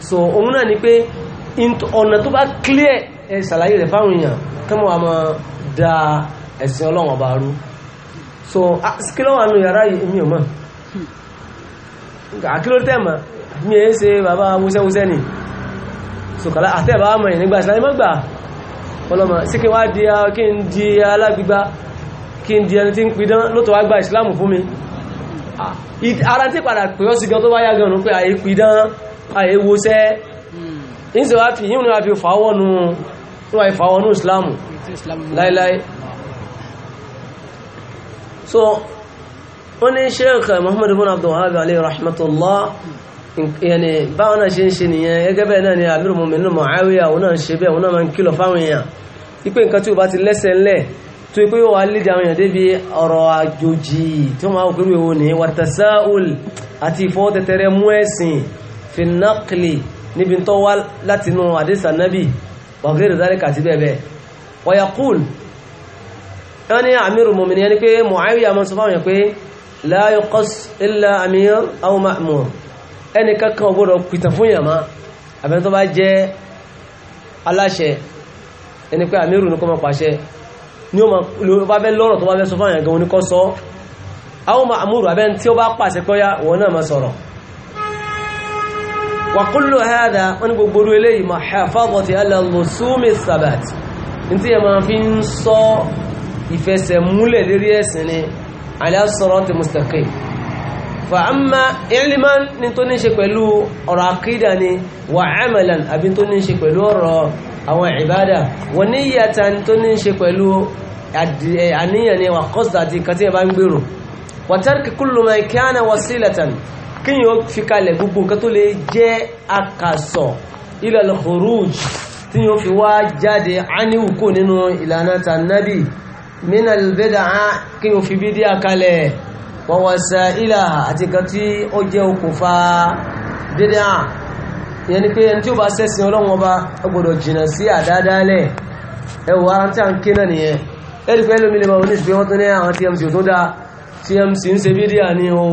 so òun náà ni pé ọ̀nà tó bá clear ẹ̀ ṣàlàyé rẹ̀ fáwọn èèyàn kẹ́mọ̀ wá máa dáa ẹ̀sìn ọlọ́wọ̀n bá rú so kí lọ́wọ́ nù yàrá yìí mi ò mọ̀ àkíló tẹ́mà mi èé ṣe bàbá wúṣẹ́wúṣẹ́ ni so kàlá àtẹ́bà mọ̀ ẹ̀ nígbà ìsìláyé mọ́gbà ọlọ́mọ sí kí wá di kí n di alágbígbá kí n di ẹni tí ń pidán lótọ́ wá gba ìsìlámù fún mi ara tí padà pè ọ́ sí gan tó bá yá gan nù pé àyè pidán àyè wúṣẹ́ hmm. ìṣèwà fi yíwọ̀n wá fi fàwọ́nù ìsìlámù láíláí so ó ní sheikh muhammad ibn abdulwahab alayhi rahmatullah yẹni báwọn náà ṣe ń ṣe nìyẹn gẹ́gẹ́ bẹ́ẹ̀ náà ni abiru mu'minin muawiya òun náà ń ṣe bẹ́ẹ̀ òun náà máa ń kìlọ̀ fáwọn èèyàn wípé nǹkan tí ó bá ti lẹ́sẹ̀ ńlẹ̀ tó ikú yóò wá lédè àwọn èèyàn débi ọ̀rọ̀ àjòjì tí wọ́n máa wọ́n pẹ̀lú ìwọ̀n ní wàtàsáùl àti ìfọwọ́ tẹ̀tẹ̀rẹ̀ mú ẹ̀sìn finakli níbi tó wá látinú àdìsànábì wàgẹ́rẹ̀ zárẹ́kà àti bẹ́ẹ̀ bẹ́ẹ̀ wọ́yàkùl ẹni àmìrù mọ̀mìnì ẹni pé Muawiya mọ́ sọ fáwọn pé la yuqas illa amir aw ma'mur ẹni kankan ọgbọ́dọ̀ pìtà fún yàmá àbẹ́ tó bá jẹ́ aláṣẹ ẹni pé àmìrù ní kọ́ mọ́ pàṣẹ ní o bá bẹ́ lọ́rọ̀ tó bá bẹ́ sọ fáwọn gan oníkọ́ sọ aw ma'mur àbẹ́ tí ó bá pàṣẹ pẹ́yà wọn náà máa sọ̀rọ̀ wa kullu hadha wọn gbogbo eléyìí mahafadati ìfẹsẹ̀ múlẹ̀ lérí ẹ̀sìn ni ala sirati mustaqim fa amma ilman ní tó ní ṣe pẹ̀lú ọ̀rọ̀ àkídà ni wa amalan àbí tó ní ṣe pẹ̀lú ọ̀rọ̀ àwọn ìbádà wa niyatan tó ní ṣe pẹ̀lú àníyàn ni wa qasd àti kàtí ẹ̀bá ń gbèrò wa tarki kullu ma kana wasilatan kíyàn ó fi kalẹ̀ gbogbo nǹkan tó lè jẹ́ akasọ̀ ila al-khuruj tí yóò fi wá jáde áníwù kò nínú ìlànà tànábì Mina al-bid'ah kí o fi bídí àkalẹ̀ wa wasailaha àti kan tí ó jẹ́ okùnfà bídíà yẹn ni pé ẹni tí ó bá sẹ́sìn ọlọ́wọ́n bá ọgbọ̀dọ̀ jìnà sí àdádálẹ̀ ẹwọ ara tí a ń ké náà nìyẹn ẹni pé lómi lè máa wọ́n ní ìsìnkú tó ní àwọn TMC tó dá TMC ń ṣe bídíà ni o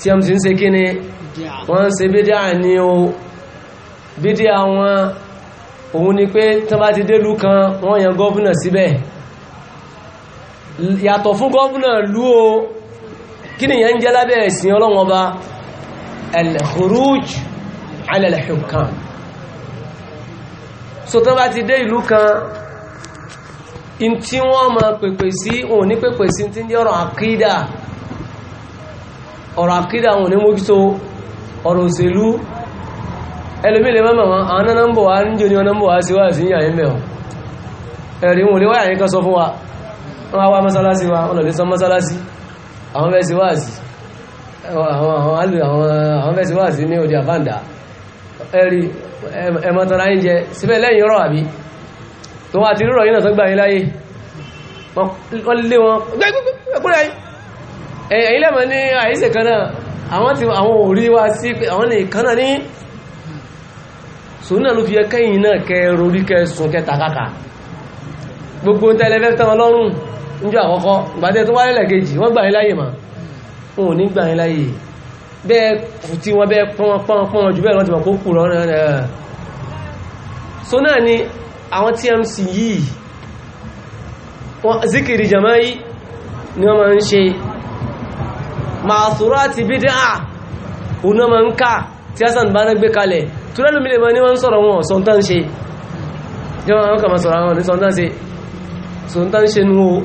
TMC ń ṣe kíni wọ́n ń ṣe bídíà ni o bídíà wọn òun ni pé tán bá ti délùú kan wọ́n yan gọ́fúnà yàtọ̀ fún gọ́ọ̀nà lú o kí ni yẹn jẹ́ lábẹ́ ẹ̀sìn ọlọ́wọ́n bá al-khuruj ala al-hukam so tán bá ti dé ìlú kan in tí wọ́n ma pèpè sí òun ní pèpè sí ti ní ọ̀rọ̀ àkídà ọ̀rọ̀ àkídà òun ní mójútó ọ̀rọ̀ òṣèlú ẹlòmílẹ̀ mọ́mọ̀ wọn àwọn náà wá ń bọ̀ wọ́n wá mọ́sálásí wa wọ́n lọ́lẹ́sọ mọ́sálásí àwọn fẹ́sí wáàsí àwọn fẹ́sí wáàsí ní òdí àbáǹdà ẹ̀rí ẹ̀mọ̀tara ń jẹ síbẹ̀ lẹ́yìn rọ̀ àbí tó wà ti rírọ̀ yínà sọ́gbà yín láyé wọ́n lé wọn gbẹ́gbẹ́gbẹ́gbẹ́ ẹ̀yìn lẹ́mọ̀ ní àyíṣẹ́ kan náà àwọn ti àwọn òrí wa sí pé àwọn lè kan náà ní sùn níjọ́ àkọ́kọ́ ìgbàtẹ́ tó wáyé lẹ́ẹ̀kejì wọ́n gbà yín láyè mà wọn ò ní gbà yín láyè bẹ́ẹ̀ tí wọ́n bẹ́ẹ̀ pọ́n pọ́n pọ́n jù bẹ́ẹ̀ wọ́n ti mọ̀ kó kù rọ́ eh. so náà ni àwọn TMC yìí wọ́n zikiri jama yìí ni wọ́n máa ń ṣe màásùrá àti bídá òun náà máa ń ká tí Hassan bá náà gbé kalẹ̀ tó lẹ́nu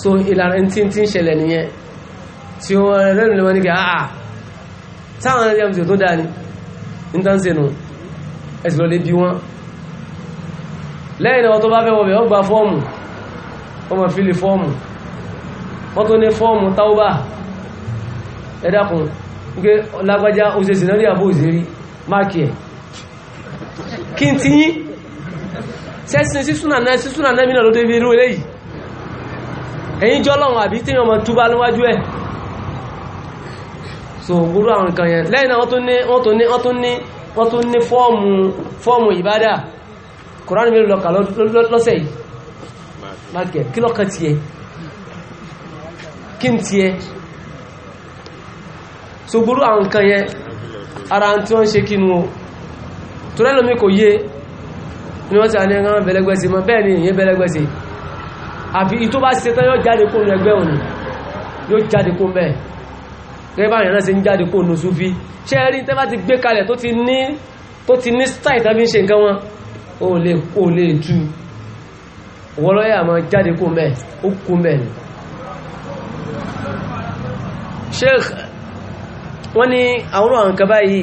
so ìlànà tí ń tí ń ṣẹlẹ̀ nìyẹn tí wọ́n lẹ́nu lè wọ́n ní kí àà táwọn ẹ̀rẹ́ ẹ̀mùsẹ̀ tó dáa ni ń tán ṣe nù ẹ̀sì lọ lè bí wọ́n lẹ́yìn náà tó bá fẹ́ wọ̀bẹ̀ ó gba fọ́ọ̀mù ó máa fílì fọ́ọ̀mù wọ́n tó ní fọ́ọ̀mù táwọ́bà ẹ dákun pé lágbájá òṣèṣì náà rí àbó òṣèrí máàkì ẹ̀ kí n ti yín sẹ́sìn sísúnà náà sísúnà náà mí náà ló dé bí irú eléyìí ẹ̀yìn jọ lọ́wọ́ àbí tí wọ́n mọ̀ túbá níwájú ẹ̀ so gbúrú àwọn nǹkan yẹn lẹ́yìn náà wọ́n tún ní wọ́n tún ní wọ́n tún ní wọ́n tún ní fọ́ọ̀mù fọ́ọ̀mù ìbádà koran mi lọ kà lọ́sẹ̀ yìí mákẹ́ kí lọ́kàn tiẹ̀ kí n tiẹ̀ so gbúrú àwọn nǹkan yẹn ara tí wọ́n ń ṣe kí nu o torí ẹlòmí ni wọ́n ti à ní àfi ìtó bá ṣe tán yóò jáde kó ẹgbẹ́ òní yóò jáde kó mẹ́ gẹ́gẹ́ bá ìrìnà sí ń jáde kó nù súfí ṣe rí tẹ́ bá ti gbé kalẹ̀ tó ti ní tó ti ní style tàbí ṣe nǹkan wọn ó lè kó lè tú wọ́lọ́yà máa jáde kó mẹ́ ó kó mẹ́ ni sheikh wọ́n ní àwọn nǹkan báyìí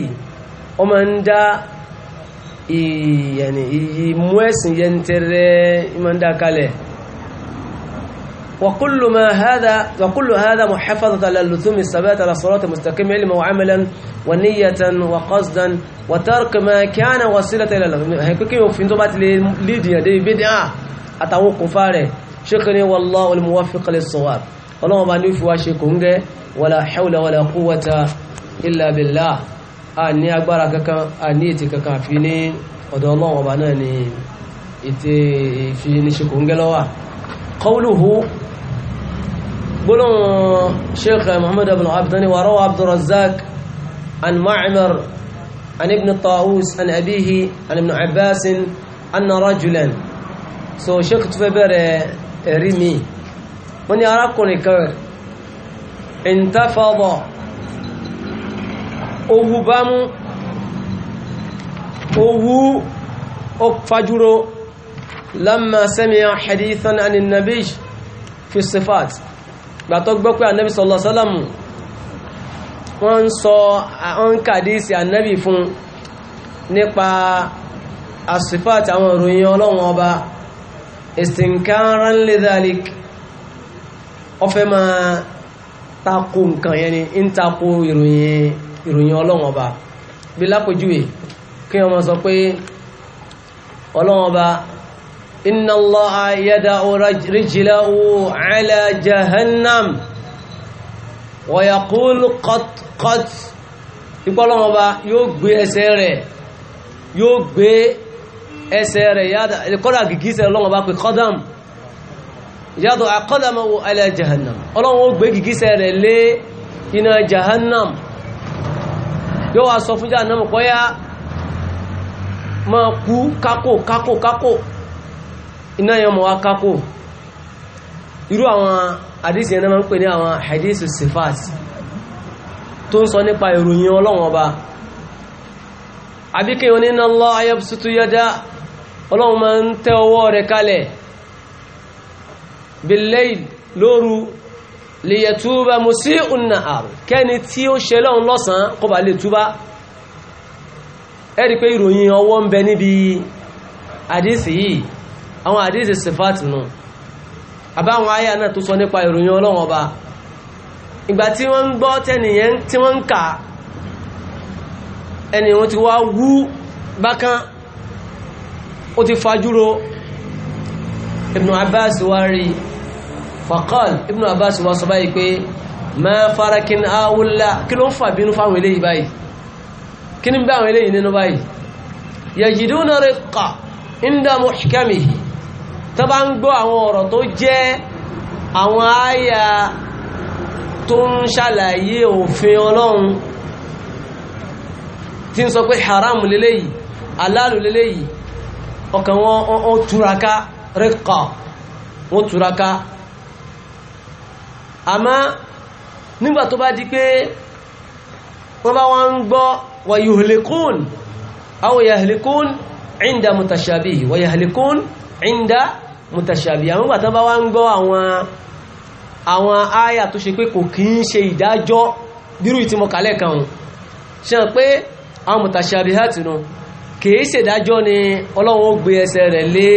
wọ́n máa ń dá ìyẹ̀mú ẹ̀sìn yẹn tẹ́rẹ́ ìmọ̀ ń dá kalẹ̀ وكل ما هذا وكل هذا محفظة على الثبات على صراط مستقيم علما وعملا ونية وقصدا وترك ما كان وسيلة إلى هيكوكي في نتوبات ليديا دي بدعة أتاو كفارة شكرا والله الموفق للصواب اللهم بانيو في واشيكونج ولا حول ولا قوة إلا بالله أني أكبر كك أني تكك فيني ودو الله وباناني إتي فيني شكونج لوا قوله قولوا شيخ محمد بن عبدني وروى عبد الرزاق عن معمر عن ابن الطاووس عن أبيه عن ابن عباس أن رجلا so sheikh tún fẹ́ bẹ̀rẹ̀ ẹ̀rí mi wọ́n ní arákùnrin kan ìntàfàbọ̀ owú bá mú owú ó fajúro lamma sami'a hadithan anin nabiy fi sifat gbàtọ́ gbọ́ pé anabi sallallahu alaihi wasallam wọ́n ń sọ àwọn kàdísì anabi fún nípa asifat àwọn ìròyìn ọlọ́wọ́n ọba istinkaran lidhalik ọfẹ́ máa tako nǹkan yẹn ni ń tako ìròyìn ọlọ́wọ́n ọba bí lápòjúwe kí wọ́n sọ pé ọlọ́wọ́n ọba إن الله يدع رجله على جهنم ويقول قط قط ìpọ́lọ́mọ ọba yóò gbé ẹsẹ̀ rẹ̀ yóò gbé ẹsẹ̀ rẹ̀ kọ́dà gìgísẹ̀ ọlọ́mọ ọba pé kọ́dàm yàtọ̀ àkọ́dàmọ́wò ala jahannam ọlọ́mọ ó gbé gìgísẹ̀ rẹ̀ lé iná jahannam yóò wá sọ fún jahannam kọ́yá máa kú kákò kákò kákò iná yẹn mọ̀ wá kákò irú àwọn àdísì yẹn náà máa ń pè ní àwọn hadith sifat tó ń sọ nípa ìròyìn ọlọ́wọ́n ọba àbíkẹ́ wọn ní Allah ayébsútú yẹjá ọlọ́run máa ń tẹ́ ọwọ́ rẹ̀ kalẹ̀ bil-layl lóru liyatuba musi'un nahar kẹ́ni tí ó ṣe lọ́run lọ́sàn kó bá lè túbá ẹ̀rí pé ìròyìn ọwọ́ ń bẹ níbi àdísì yìí àwọn àdíṣe sifat nù àbáwọn àyà náà tó sọ nípa ìròyìn ọlọ́wọ́n ọba ìgbà tí wọ́n ń gbọ́ tẹ́nìyẹn tí wọ́n ń kà ẹni wọ́n ti wá wú bákan ó ti fajúro ibn abbas wá rí faqal ibn abbas wá sọ báyìí pé ma farakin awula kí ló ń fà bínú fáwọn eléyìí báyìí kí ni bá àwọn eléyìí nínú báyìí yajiduna riqqa inda muhkamihi tó bá ń gbọ́ àwọn ọ̀rọ̀ tó jẹ́ àwọn àyà tó ń ṣàlàyé òfin ọlọ́run tí ń sọ pé haram lélẹ́yìí aláàlú lélẹ́yìí ọkàn wọn ó túraká rẹ́kọ̀ wọ́n túraká àmá nígbà tó bá di pé wọ́n bá wọ́n ń gbọ́ wa yuhlikun aw yahlikun inda mutashabihi wa yahlikun inda mutashabiha àwọn gbàtán bá wá ń gbọ́ àwọn àwọn áyà tó ṣe pé kò kí ń ṣe ìdájọ́ bírú ìtìmọ̀ kalẹ̀ kan ṣe hàn pé àwọn mutashabiha ti nù kìí ṣèdájọ́ ni ọlọ́run ó gbé ẹsẹ̀ rẹ̀ lé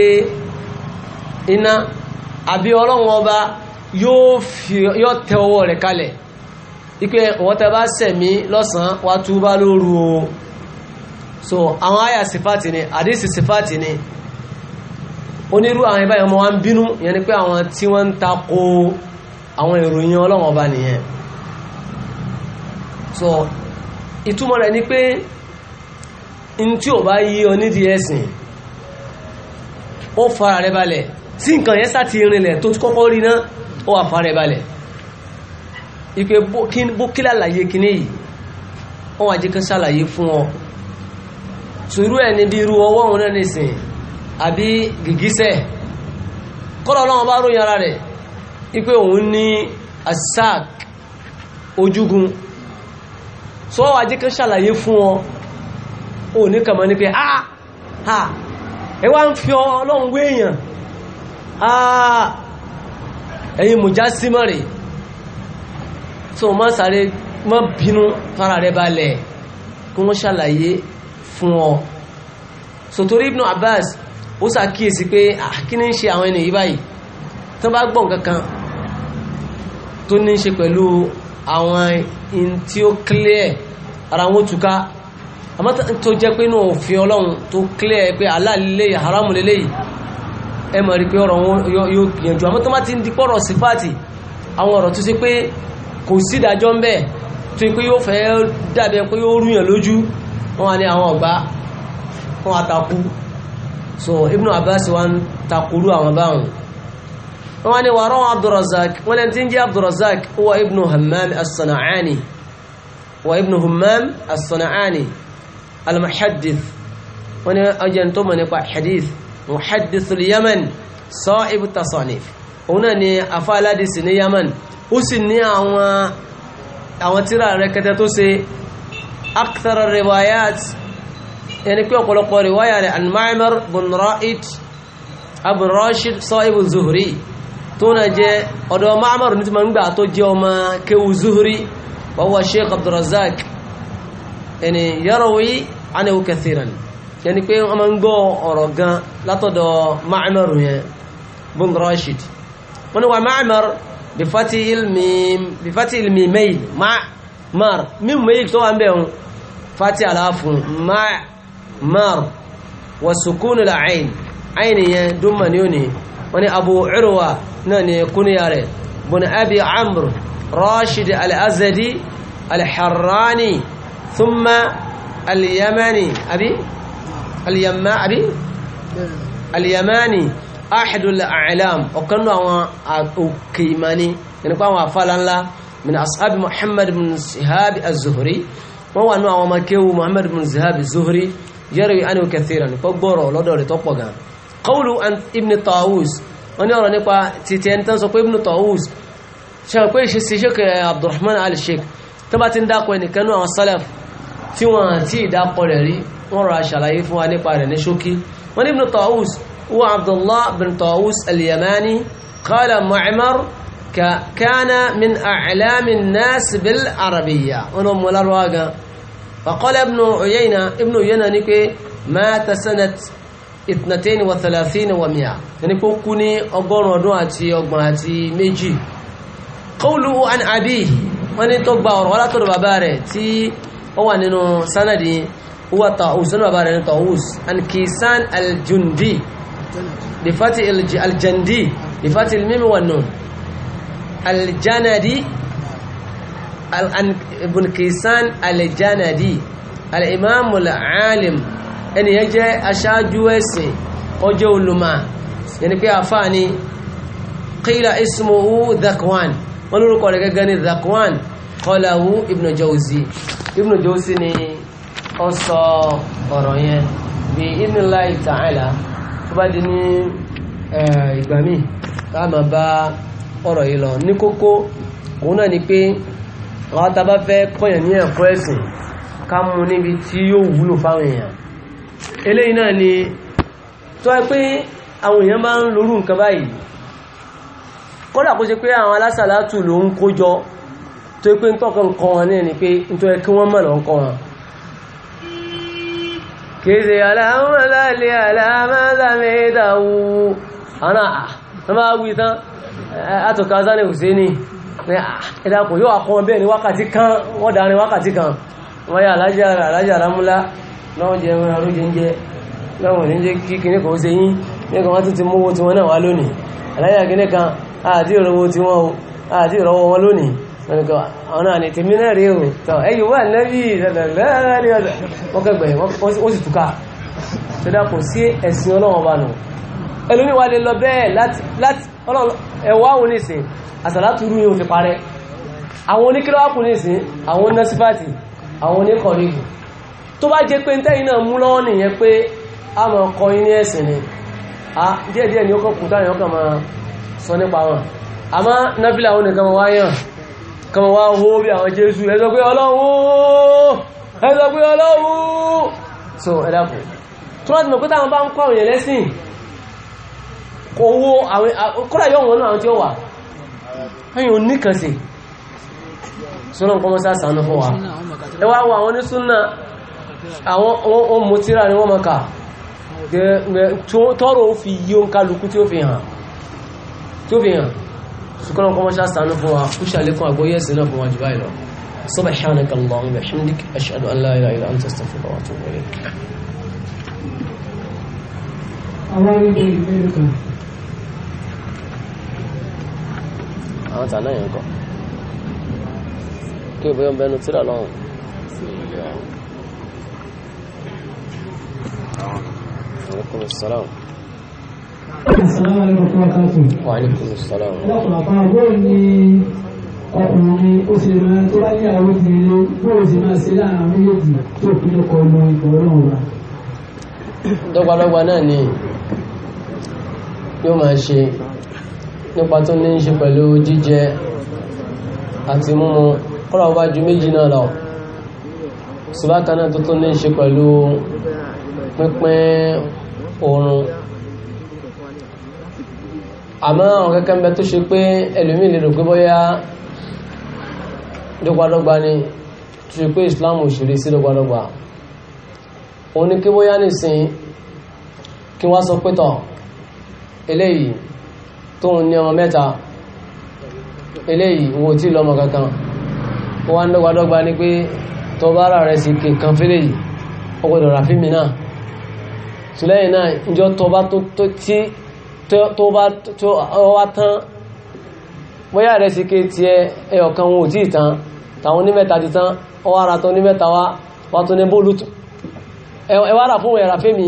iná àbí ọlọ́run ọba yóò tẹ ọwọ́ rẹ̀ kalẹ̀ so àwọn àyà sífàtì ni àdísì sífàtì ni onírú àwọn ibáyẹ̀ ọmọ wa ń bínú yẹn ni pé àwọn tí wọ́n ń tako àwọn ìròyìn ọlọ́wọ́n ọba nìyẹn so ìtumọ̀ rẹ̀ ni pé n tí ò bá yí ọ nídìí ẹ̀sìn ó fara rẹ̀ balẹ̀ sí nǹkan yẹn sáti rinlẹ̀ tó kọ́kọ́ rí náà ó wà fara rẹ̀ balẹ̀ ipe bókílà làyè kíní yìí wọ́n wá jẹ́ kí sàlàyé fún ọ sùúrù ẹ̀ níbi irú ọwọ́ òun náà nìsín àbí gìgísẹ̀ kọ́rọ̀ ọlọ́wọ́n bá ròyìn ara rẹ̀ ipé òun ní asak ojúgun so wà kan ṣàlàyé fún ọ o ní kàmọ́ ní pé ah ah ẹwà ń fi ọlọ́run wé èèyàn ah ẹ̀yin mùjá símọ̀ rẹ̀ so ma sáré ma bínú fara rẹ̀ balẹ̀ kí wọ́n ṣàlàyé fún ọ so Ibn Abbas ó sàkíyèsí pé kí ní ṣe àwọn ènìyàn báyìí tó bá gbọ́n kankan tó ní ṣe pẹ̀lú àwọn in tí ó clear ara wọn túká tó jẹ́ pé inú òfin ọlọ́run tó clear pé aláàlélẹ́ haramu lélẹ́ ẹ mọ̀ rí pé ọ̀rọ̀ wọn yóò gbìyànjú àmọ́ tó má ti ń dipọ̀rọ̀ sí fàtì àwọn ọ̀rọ̀ tó ṣe pé kò sí ìdájọ́ ń bẹ̀ tó pé yóò fẹ́ dàbẹ̀ pé yóò rúyàn lójú wọn ni àwọn ọ̀gbá wọn àtàkù so ibnu abbas wa ń takurú àwọn báwọn wọ́n ni wà rán abdurrazak wọ́n lẹ́n tí ń jẹ́ abdurrazak wà ibnu hammam as-sana'ani wà ibnu hammam as-sana'ani al-muhaddith wọ́n ni ọjọ́ tó mọ̀ nípa hadith muhaddith al-yaman sa'ibu tasanif òun náà ni afáàládìsì ní yaman ó sì ní àwọn tíra rẹ̀ kẹtẹ tó ṣe akthar riwayat ẹni pé ọ̀pọ̀lọpọ̀ rẹ̀ wáyà rẹ̀ an Ma'mar bin Ra'id Abu Rashid sahibu Zuhri tó náà jẹ́ ọ̀dọ̀ Ma'mar ní ti máa ń gbà tó jẹ́ ọmọ kéwu Zuhri wa huwa Sheikh Abdurrazak ẹni yarwi anhu kathiran yẹni pé wọ́n máa ń gbọ́ ọ̀rọ̀ gan látọ̀dọ̀ Ma'mar yẹn bin Rashid wọ́n ni wà Ma'mar bifati ilmi mail Ma'mar mímu mail tó wà ń bẹ̀ fati aláfún Ma'mar mar wa sukunu la ayin ayin yẹn duma ni o ni wọn ni abu urwa náà ni kúnìyà rẹ̀ bùn abi amr rashid al-azadi al-harrani thumma al-yamani abi al-yamma abi al-yamani ahadul a'lam ọ̀kan náà àwọn òkè ìmání من أصحاب محمد بن زهاب الزهري وهو أنواع هو محمد بن زهاب الزهري yẹ́rìí ánìwò kẹsìrì ní gbọ́rọ̀ lọ́dọ̀ rẹ̀ tọ́pọ̀ gan qawlu ibn Tawus wọ́n ní ọ̀rọ̀ nípa títí ẹni tán sọ pé ibn Tawus ṣe pé ìṣesí Sheikh Abdurrahman al-Sheikh tó bá ti ń dákọ̀ ẹnìkan náà salaf tí wọ́n ti ìdákọ̀ rẹ̀ rí wọ́n rọra ṣàlàyé fún wa nípa rẹ̀ ní ṣókí wọ́n ní ibn Tawus wa Abdullah ibn Tawus al-Yamani qala Ma'mar kana min a'lam an فقال ابن عيينة ابن عيينة نيكي مات سنة اثنتين وثلاثين ومئة يعني كوني أقول ودواتي أقولاتي ميجي قوله عن أبيه وأني تقبع ولا تربى باري تي هو أنه سندي هو طاووس أنا باري طاووس عن كيسان الجندي بفتح الجندي بفتح الميم والنون الجندي ibn kaysan al-janadi al-imam al-alim ẹni yẹn jẹ́ aṣáájú ẹ̀sìn ọjọ́ olùmọ̀ yẹni pé àfáà ni qila ismuhu dhakwan wọ́n lórúkọ rẹ̀ gẹ́gẹ́ ní dhakwan qalahu ibn jawzi ibn jawzi ni ó sọ ọ̀rọ̀ yẹn bí idhnillahi ta'ala tó bá di ní ìgbà míì bá ọ̀rọ̀ yìí lọ ní kókó òun náà ni pé àwọn tàbá fẹ́ kọ́yàn ní ẹ̀kọ́ ẹ̀sìn ká mú níbi tí yóò wúlò fáwọn èèyàn eléyìí náà ni tó ẹ pé àwọn èèyàn máa ń lórú nǹkan báyìí kódà kó ṣe pé àwọn alásàlátù ló ń kójọ tó pé ń tọ́kàn kọ́ wọn náà ni pé ń tó ẹ kí wọ́n mọ̀ lọ́ kọ́ wọn kìí aláhùn aláàlẹ́ aláàmọ́sàmẹ́dàwó àwọn ah, ní ah, ẹ̀dàkùn yóò akọ bẹ́ẹ̀ ní wákàtí kan wọ́n dáa ní wákàtí kan wọ́n yà alájà alájà rámúlá lọ́wọ́n jẹ ẹran alójẹ ń jẹ lọ́wọ́n ní jẹ́ kí kíní kan ó ṣe yín nígbà wọ́n tún ti mú owó tí wọ́n náà wá lónìí alájà kíní kan àti ìrọwọ́ tí wọ́n o àti ìrọwọ́ wọn ọlọ́run ẹ̀wọ́ àwọn oníṣẹ́ àsàlátúrú yóò fi parẹ́ àwọn oníkíláwàkù níṣẹ́ àwọn nọ́sífàtì àwọn oníkọ̀rígù tó bá jẹ́ pé tẹ́yìn náà mú lọ́wọ́ nìyẹn pé a mọ̀ kọ́ yín ní ẹ̀sìn ni a díẹ̀díẹ̀ ni ó kàn kú táwọn èèyàn kàn máa sọ nípa wọn àmọ́ náfìlà àwọn nìkan wá yàn so ẹ dàpọ̀ tó láti mọ̀ bá ń kọ́ àwọn lẹ́sìn owó kúrò yọ wọn náà tí ó wà ẹ̀yìn oníkànsì súnà kọmọ sáàsánú fún wa ẹwà wọ àwọn onísúnà àwọn ohun tíra ni wọ́n mọ́ ká tọ́rọ fi yí o ń kálukú tí ó fi hàn tí ó fi hàn súnà kọmọ sáàsánú fún wa kú sàlékún àgbóyẹ̀sì náà fún wa jù báyìí lọ سبحانك اللهم وبحمدك أشهد أن لا إله إلا أنت أستغفرك وأتوب إليك àwọn ìgbè ìgbèrè kan àwọn tàná yẹn kọ kí o bóyá ń bẹnu tíra lọ́hùn. aleykum salaam. aleykum salaam. ni ọkùnrin ó ṣe máa tó bá ní àwọn obìnrin bóyá ṣe máa ṣe láàrin méjèèjì tó fi ọkọ̀ ọmọ ìgbọ̀ ọlọ́run wa. dọ́gbadọ́gba náà ni yóò máa ṣe nípa tó ní ṣe pẹ̀lú jíjẹ àti mímu kọ́ra ọba ju méjì náà lọ ṣùgbọ́n náà tó tó ní ṣe pẹ̀lú pínpín oorun àmọ́ àwọn kẹ́kẹ́ ń bẹ tó ṣe pé ẹlòmíì lè rò pé bóyá dọ́gbadọ́gba ni tó ṣe pé Islam ò ṣèlè sí dọ́gbadọ́gba òun ni kí bóyá nìsín kí wọ́n sọ pé tọ̀ eléyìí tó ní ọmọ mẹ́ta eléyìí wo tí lọ́mọ kankan ó wá ń ní pé tó bá ara rẹ̀ sì kankan fẹ́lẹ̀ yìí ó gbọ́dọ̀ náà sùlẹ́yìn náà ìjọ tó bá tó tí tó bá tó wá tán bóyá rẹ̀ ẹ wọn ò tí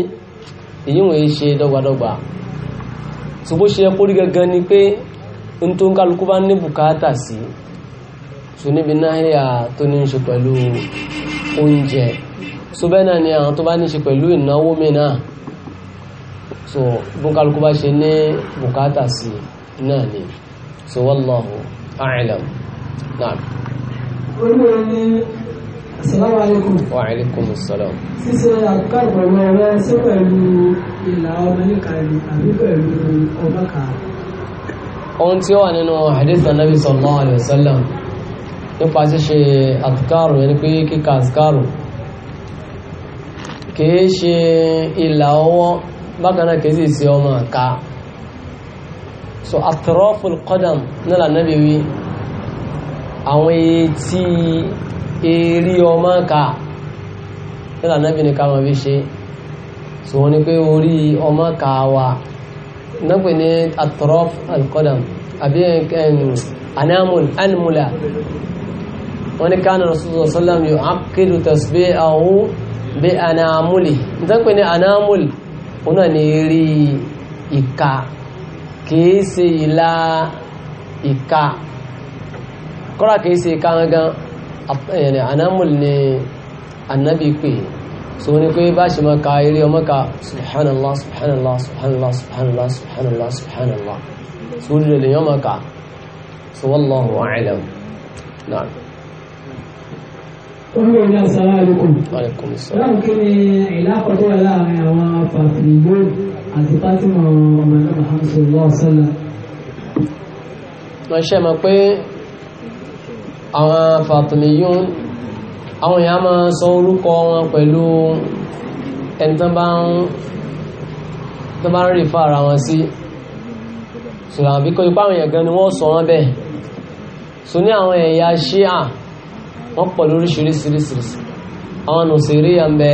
ì so bó ṣe yẹ kórí gangan ni pé n tó ń kálukú bá ní bùkátà sí so níbi náírà tó ní í ṣe pẹ̀lú oúnjẹ so bẹ́ẹ̀ náà ni àwọn tó bá ní í ṣe pẹ̀lú ìnáwó mìíràn so bó kálukú bá ṣe ní bùkátà sí náà ni so wallahu a'lam náà. Assalamu alaikum. Wa alaikum assalam. Ṣíṣe àkàrọ̀ rẹ̀ ṣé pẹ̀lú ìlà ọmọ níka ẹni àbí pẹ̀lú ọba kan? Ohun tí ó wà nínú hadith Nabi sallallahu alaihi wasallam nípa ṣíṣe àkàrọ̀ yẹn pé kíkà àkàrọ̀ kìí ṣe ìlà ọwọ́ bákan náà kìí sì ṣe ọmọ àká. So atraful qadam nílà Nabi àwọn etí eré ọmọ ká nílà náà bí ní káwọn fi ṣe so wọ́n ni pé orí ọmọ ká wa náà pè ní atrof alkodam àbí anamul anmula wọ́n ni káwọn rasulullah sallam yóò ápkìlù tasbí àwọn bí anamuli nítorí pé ní anamul wọ́n ni eré ìka kìí ṣe ìlà ìka kọ́ra kìí ṣe ìka gangan ẹ̀yẹ̀nì eh, anamul ni annabi pè so ní pé bá ṣe mọ́ka eré ọmọ́ka subhanallah subhanallah subhanallah subhanallah subhanallah subhanallah so ní lè yọ́ mọ́ka so wallahu a'lam náà Olúwo ní asalá alaikum. Alaikum sọ. Láwọn kí ni ìlàkọ̀ tó wà láàrin àwọn afàfìgbò àti Fátímọ̀ ọmọ Muhammad sallallahu alaihi wasallam. Wọ́n ṣe mọ̀ pé àwọn fatimiyun àwọn èèyàn máa sọ orúkọ wọn pẹ̀lú ẹni tó bá ń tó bá ń rí fa ara wọn sí sùlàmù bí kò ipá àwọn èèyàn gan ni wọ́n sọ wọn bẹ́ẹ̀ so ní àwọn ẹ̀yà ṣíà wọ́n pọ̀ lóríṣiríṣiríṣiríṣi àwọn nùsírí yà ń bẹ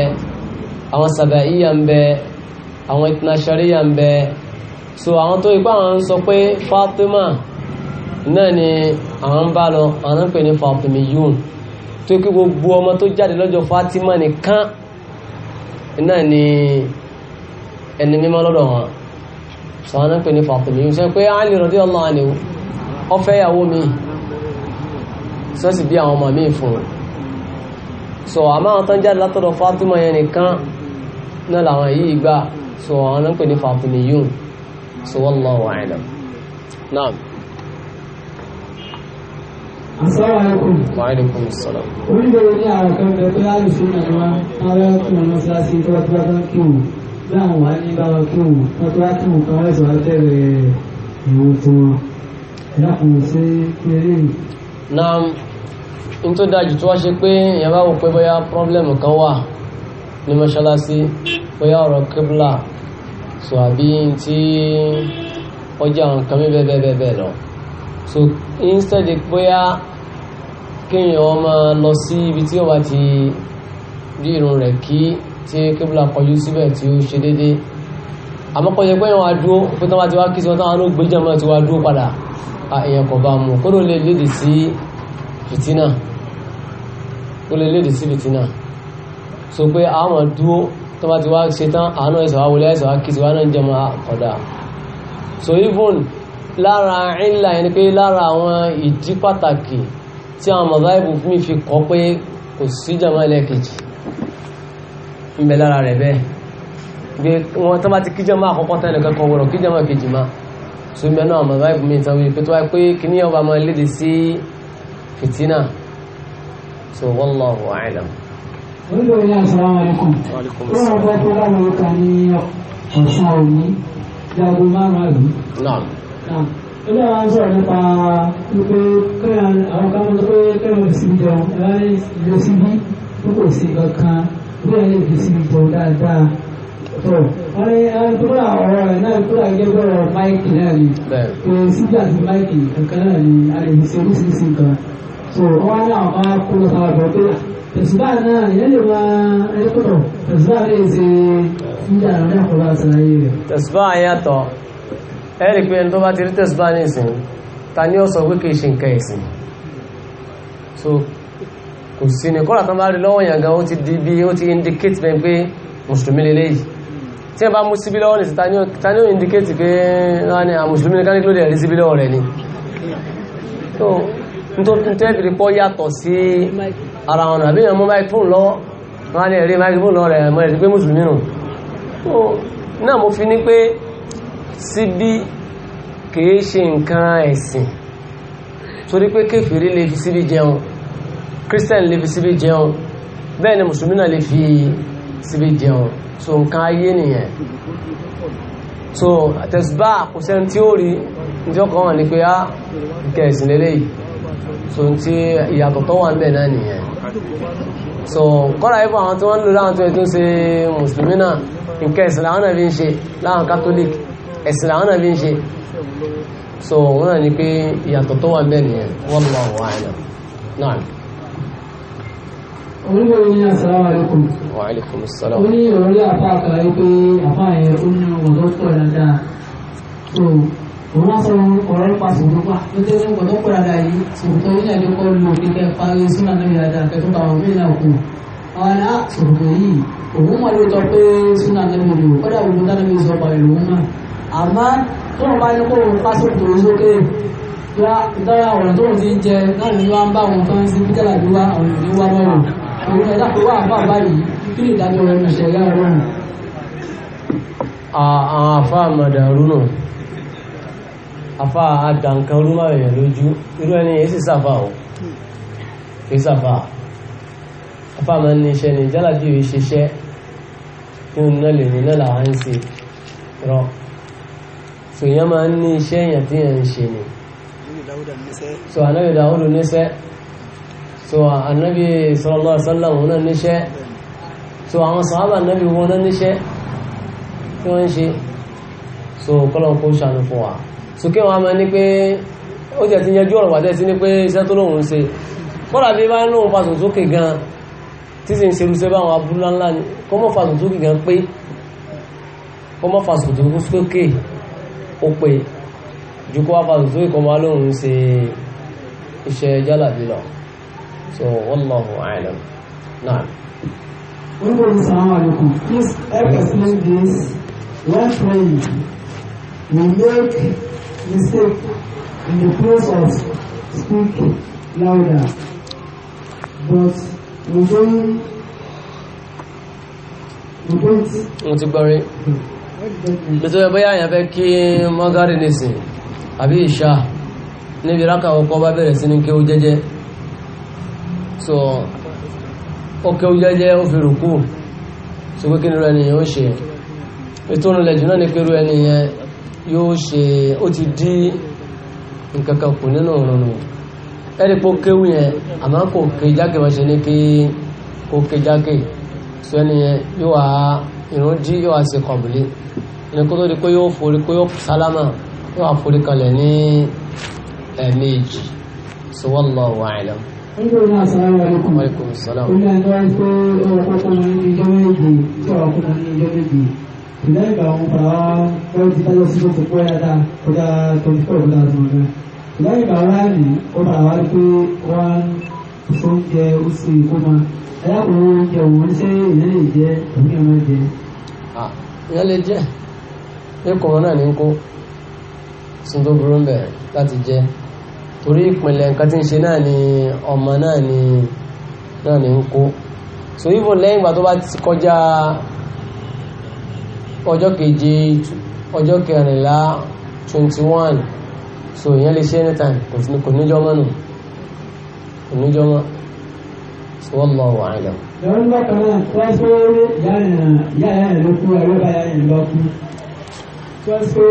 àwọn sàbàáyí yà ń bẹ àwọn ìtìnàṣàrí yà ń bẹ so àwọn tó ipá àwọn ń sọ pé Fatima náà ni àwọn ń bá lọ àwọn ń pè ní Fatimi yun tó kí gbogbo ọmọ tó jáde lọ́jọ́ Fatima nìkan náà ni ẹni mímọ́ lọ́dọ̀ wọn sọ àwọn ń pè ní Fatimi yun sọ pé Ali radiyallahu anhu ó fẹ́ ìyàwó mi sọ́sì bí àwọn ọmọ mi fún so ama àwọn tán jáde látọ̀dọ̀ Fatima yẹn nìkan náà làwọn yìí gbà so àwọn ń pè ní Fatimi yun so wallahu a'lam naam. Assalamualaikum. Waalaikumsalam. Oníbẹ̀rẹ̀ ní àwọn kan bẹ pé àlùsí náà wá táwọn ẹkùn ọmọ sáàsì tó wá tó wá tán kí o láwọn wá ní bá wọn kí o tó tó wá tún kan wẹ́sọ̀ wá bẹ̀rẹ̀ ìwò tí wọn. Ìyáàkùn ṣe péré. Náà n tó dájú tó wá ṣe pé ìyẹn bá wò pé bóyá pọ́blẹ́mù kan wà ní mọ́ṣáláṣí So instead bóyá kéèyàn ọmọ lọ sí ibi tí ó bá ti rí irun rẹ̀ kí tí kébùlà kọjú síbẹ̀ tí ó ṣe dédé àmọ́kọ́ yẹ pé wọ́n á dúró pé tí wọ́n ti wá kí sí wọn táwọn olóògbé jẹ́mọ́ ti wá dúró padà èèyàn kò bá mu kó ló lè léde sí fìtínà ó lè léde sí fìtínà so pé àwọn dúró tó bá ti wá ṣe tán àánú ẹ̀sọ̀ wá wọlé ẹ̀sọ̀ wá kí sí wọn náà jẹ́mọ́ àkọ́dà so even lára ńlá yẹn ni pé lára àwọn ìdí pàtàkì tí àwọn mọ̀láìbù fún mi fi kọ́ pé kò sí jàmá ẹlẹ́ẹ̀kejì ń bẹ lára rẹ̀ bẹ́ẹ̀ gbé wọn tó bá ti kí jàmá àkọ́kọ́ tẹ́lẹ̀ kẹ́kọ̀ọ́ wọ̀rọ̀ kí jàmá kejì má so ń bẹ náà mọ̀láìbù mi tán wípé tó wáyé pé kí ní ọba máa léde sí fìtínà so wallahu a'lam. olùdókòwò yà assalamu alaikum. wọ́n rẹ̀ tó bá wọn kà ní ọ̀sán òní jáde márùn-ún. náà ilé wa ń sọ̀rọ̀ nípa wípé kéèyàn àwọn kan mọ̀ pé kéèyàn ò síbi jẹun ẹ bá ní lọ síbí tó kò sí kankan bóyá lè fi síbi jẹun dáadáa tó wọ́n ní ẹnìkúrà ọ̀rọ̀ rẹ̀ náà kúrà gẹ́gẹ́ bọ̀rọ̀ máìkì náà ni pé síbi àti máìkì kankan náà ni a lè fi ṣe oríṣiríṣi nǹkan so wọ́n ní àwọn kan kó lọ sára bọ̀ pé ah, tẹ̀sùbá náà ìyẹn lè máa ẹni kúrò tẹ̀sùbá lè ṣe síbi àná náà kọ́ bá ṣàlàyé rẹ̀. tẹ̀sùbá yàtọ̀ ẹ̀rì pé ẹni tó bá ti rí tẹ̀síbá ní ìsìn ta ní ọ̀sọ̀ pé kìí ṣe nǹkan ìsìn so kò sí tán bá rí lọ́wọ́ ti di bí ó ti indicate bẹ́ẹ̀ pé mùsùlùmí lè léyìí tí ta ni ó indicate pé wọ́n ah, ni àmùsùlùmí ní káníkì lóde síbí lọ́wọ́ rẹ̀ ni so síbí kìí ṣe nǹkan ẹ̀sìn torí pé kéfèrí lè fi síbí jẹun christian lè fi síbí jẹun bẹ́ẹ̀ ni mùsùlùmí náà lè fi síbí jẹun so nǹkan ayé nìyẹn so àtẹ̀sùbá kò sẹ́ni tí ó rí ní ọkàn wọn ni pé á ah, nǹkan ẹ̀sìn lélẹ́yìí so tí ìyàtọ̀ tó wà ń bẹ náà nìyẹn so kọ́ra ibò àwọn tí wọ́n ń lò láwọn tó yẹ tó ń ṣe mùsùlùmí náà nǹkan ẹ̀sìn làwọn náà fi ń ṣe láwọn catholic ẹ̀sìn làwọn náà fi ń ṣe so wọn náà ni pé ìyàtọ̀ tó wà bẹ́ẹ̀ nìyẹn assalamualaikum. lọ wà ẹ̀ náà. onígbà wo ni asalaamu alaykum. wa alaykum salaam. ó ní ìrọ̀lẹ́ àfa àkàrà pé àfa yẹn ó so òun wá sọ ọ̀rọ̀ nípa sòwòpá nítorí ọ̀dọ́ pọ̀ dáadáa yìí sòwòpá yìí náà ló kọ́ lu kíkẹ́ parí súnà náà yàrá dáadáa kẹ́tọ́ àmọ́ tó wọn bá ní kó wọn pásítọ̀ lórí sókè dára ọ̀rọ̀ tó wọn ti ń jẹ náà ní wọn bá wọn fẹ́ sí bí kẹ́lá ìlú wa àwọn ìlú wa mọ́rọ̀ òun ẹ̀dá pé wà fún àbáyé kí ni ìdájọ́ rẹ̀ ṣe yá ọlọ́run. Ah, àwọn afá àmàdàrú nù afá àdàǹkan rúmọ̀ rẹ̀ lójú irú ẹni èsì sàfà o èsì sàfà afá àmà ní iṣẹ́ ni jálàbí ìṣiṣẹ́ nínú náà lè ní náà làwọn so èèyàn máa ń ní iṣẹ́ èèyàn tí èèyàn ń ṣe ni so anabi dawudu níṣẹ́ so anabi sallallahu alaihi wasallam wọn náà níṣẹ́ so àwọn sàhábà anabi wọn náà níṣẹ́ tí wọ́n ń ṣe so kọ́lọ́n kó ṣàánú fún wa so kí wọ́n á máa ní pé ó jẹ́ ti yanjú ọ̀rọ̀ wàdẹ́ sí ní pé iṣẹ́ tó lóun ń ṣe kọ́lá bí bá lóun fasùn sókè gan tí sì ń ṣerú sí báwọn abúlá ńlá ni kó mọ́ fasùn sókè gan pé kó mọ́ fasùn sókè ó pé ju kó wá fa tòtò ìkọ́ máa lóun ṣe iṣẹ́ jálàbí lọ so wallahu a'lam náà. Everybody, Assalamu alaikum. Please help explain this. When praying, we make mistake in the place of speak louder, but we don't. We don't. Wọ́n ti gbọ́ rí. Hmm. nítorí bóyá àyàn fẹ́ kí mọ́gárì nìsín àbí ìṣá níbi rákà ọkọ̀ bá bẹ̀rẹ̀ sí ní kéwú jẹ́jẹ́ so ó kéwú jẹ́jẹ́ ó fi so pé kí ni rẹ̀ nìyẹn ó ṣe ètò náà ni pé ẹni yẹn yóò ṣe ó ti dí nǹkan kan kù nínú òrùn ẹni pé ó kéwú yẹn àmọ́ kò ké wọ́n ṣe ní kí so ẹni yẹn yóò wá ìrún jí yóò wá sí kọ̀bùlé ní kó tó di pé yóò forí pé yóò sálámà yóò wá forí kalẹ̀ ní ẹ̀ẹ̀mejì so wallahu a'lam. Olúwa asalaamu alaykum. Aleykum salaam. Olúwa ẹni wáyé pé ọkùnrin ní ìjọ méjì tí ọkùnrin ní ìjọ méjì. Ìlẹ́ ìgbà wọn fà á wọ́n ti dájọ́ sí gbogbo pé ẹ̀dá kọjá twenty four ọ̀dà àti ọ̀dà. Ìlẹ́ ìgbà jẹ oṣù ìkómọ ẹ kò jẹ òun ah, ṣé ìyẹn lè jẹ òun yẹn máa jẹ. ìyẹn lè jẹ pé kòrónà ní kó sun tó burú bẹ̀ láti jẹ torí ìpínlẹ̀ nǹkan tí ń ṣe náà ni ọmọ náà ni náà ni ń kó so even lẹ́yìn ìgbà tó bá ti kọjá ọjọ́ keje ọjọ́ kẹrìnlá twenty one so ìyẹn lè ṣe anytime kò níjọ́ mọ́ nù kò níjọ́ mọ́ wallahu a'lam. lọ́wọ́n bá kan náà tó ṣe yáyà yẹn ló kú ẹ̀rọ bá yáyà yẹn lọ kú tó ṣe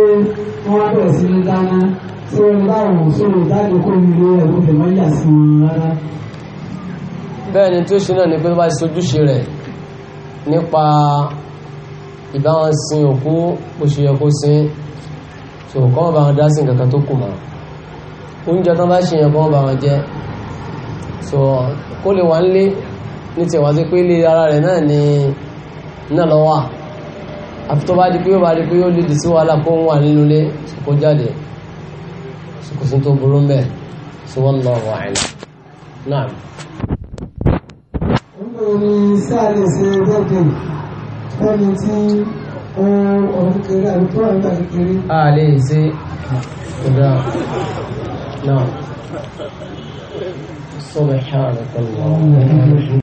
wọ́n bẹ̀rẹ̀ sí ní dáná tó ń báwọn sórí ìdájọ́ kó ní ilé ẹ̀rọ tẹ̀mọ́ yà sí wọn rárá. bẹ́ẹ̀ ni tó ṣe náà ni pé bá ṣojúṣe rẹ̀ nípa ìbáwọn sin òkú oṣù yẹ kó sin so kọ́ wọn bá wọn dá sí nǹkan kan tó kù mọ́ oúnjẹ tó bá ṣe yẹn kọ́ wọn bá wọn jẹ so kó lè wà ń lé ní tiẹ̀ wá sí pé ilé ara rẹ̀ náà ni náà lọ wà àfi tó bá di pé ó bá di pé ó lè dì sí wàhálà kó ń wà nínú ilé kó jáde kò sí tó burú mbẹ sí wọn lọ wà ní. náà. nígbà wo ni ṣe bẹ́ẹ̀dẹ̀ fẹ́ni tí ohun ọ̀hún kéré tó wà nígbà kékeré. a lè ṣe. náà. سبحانك اللهم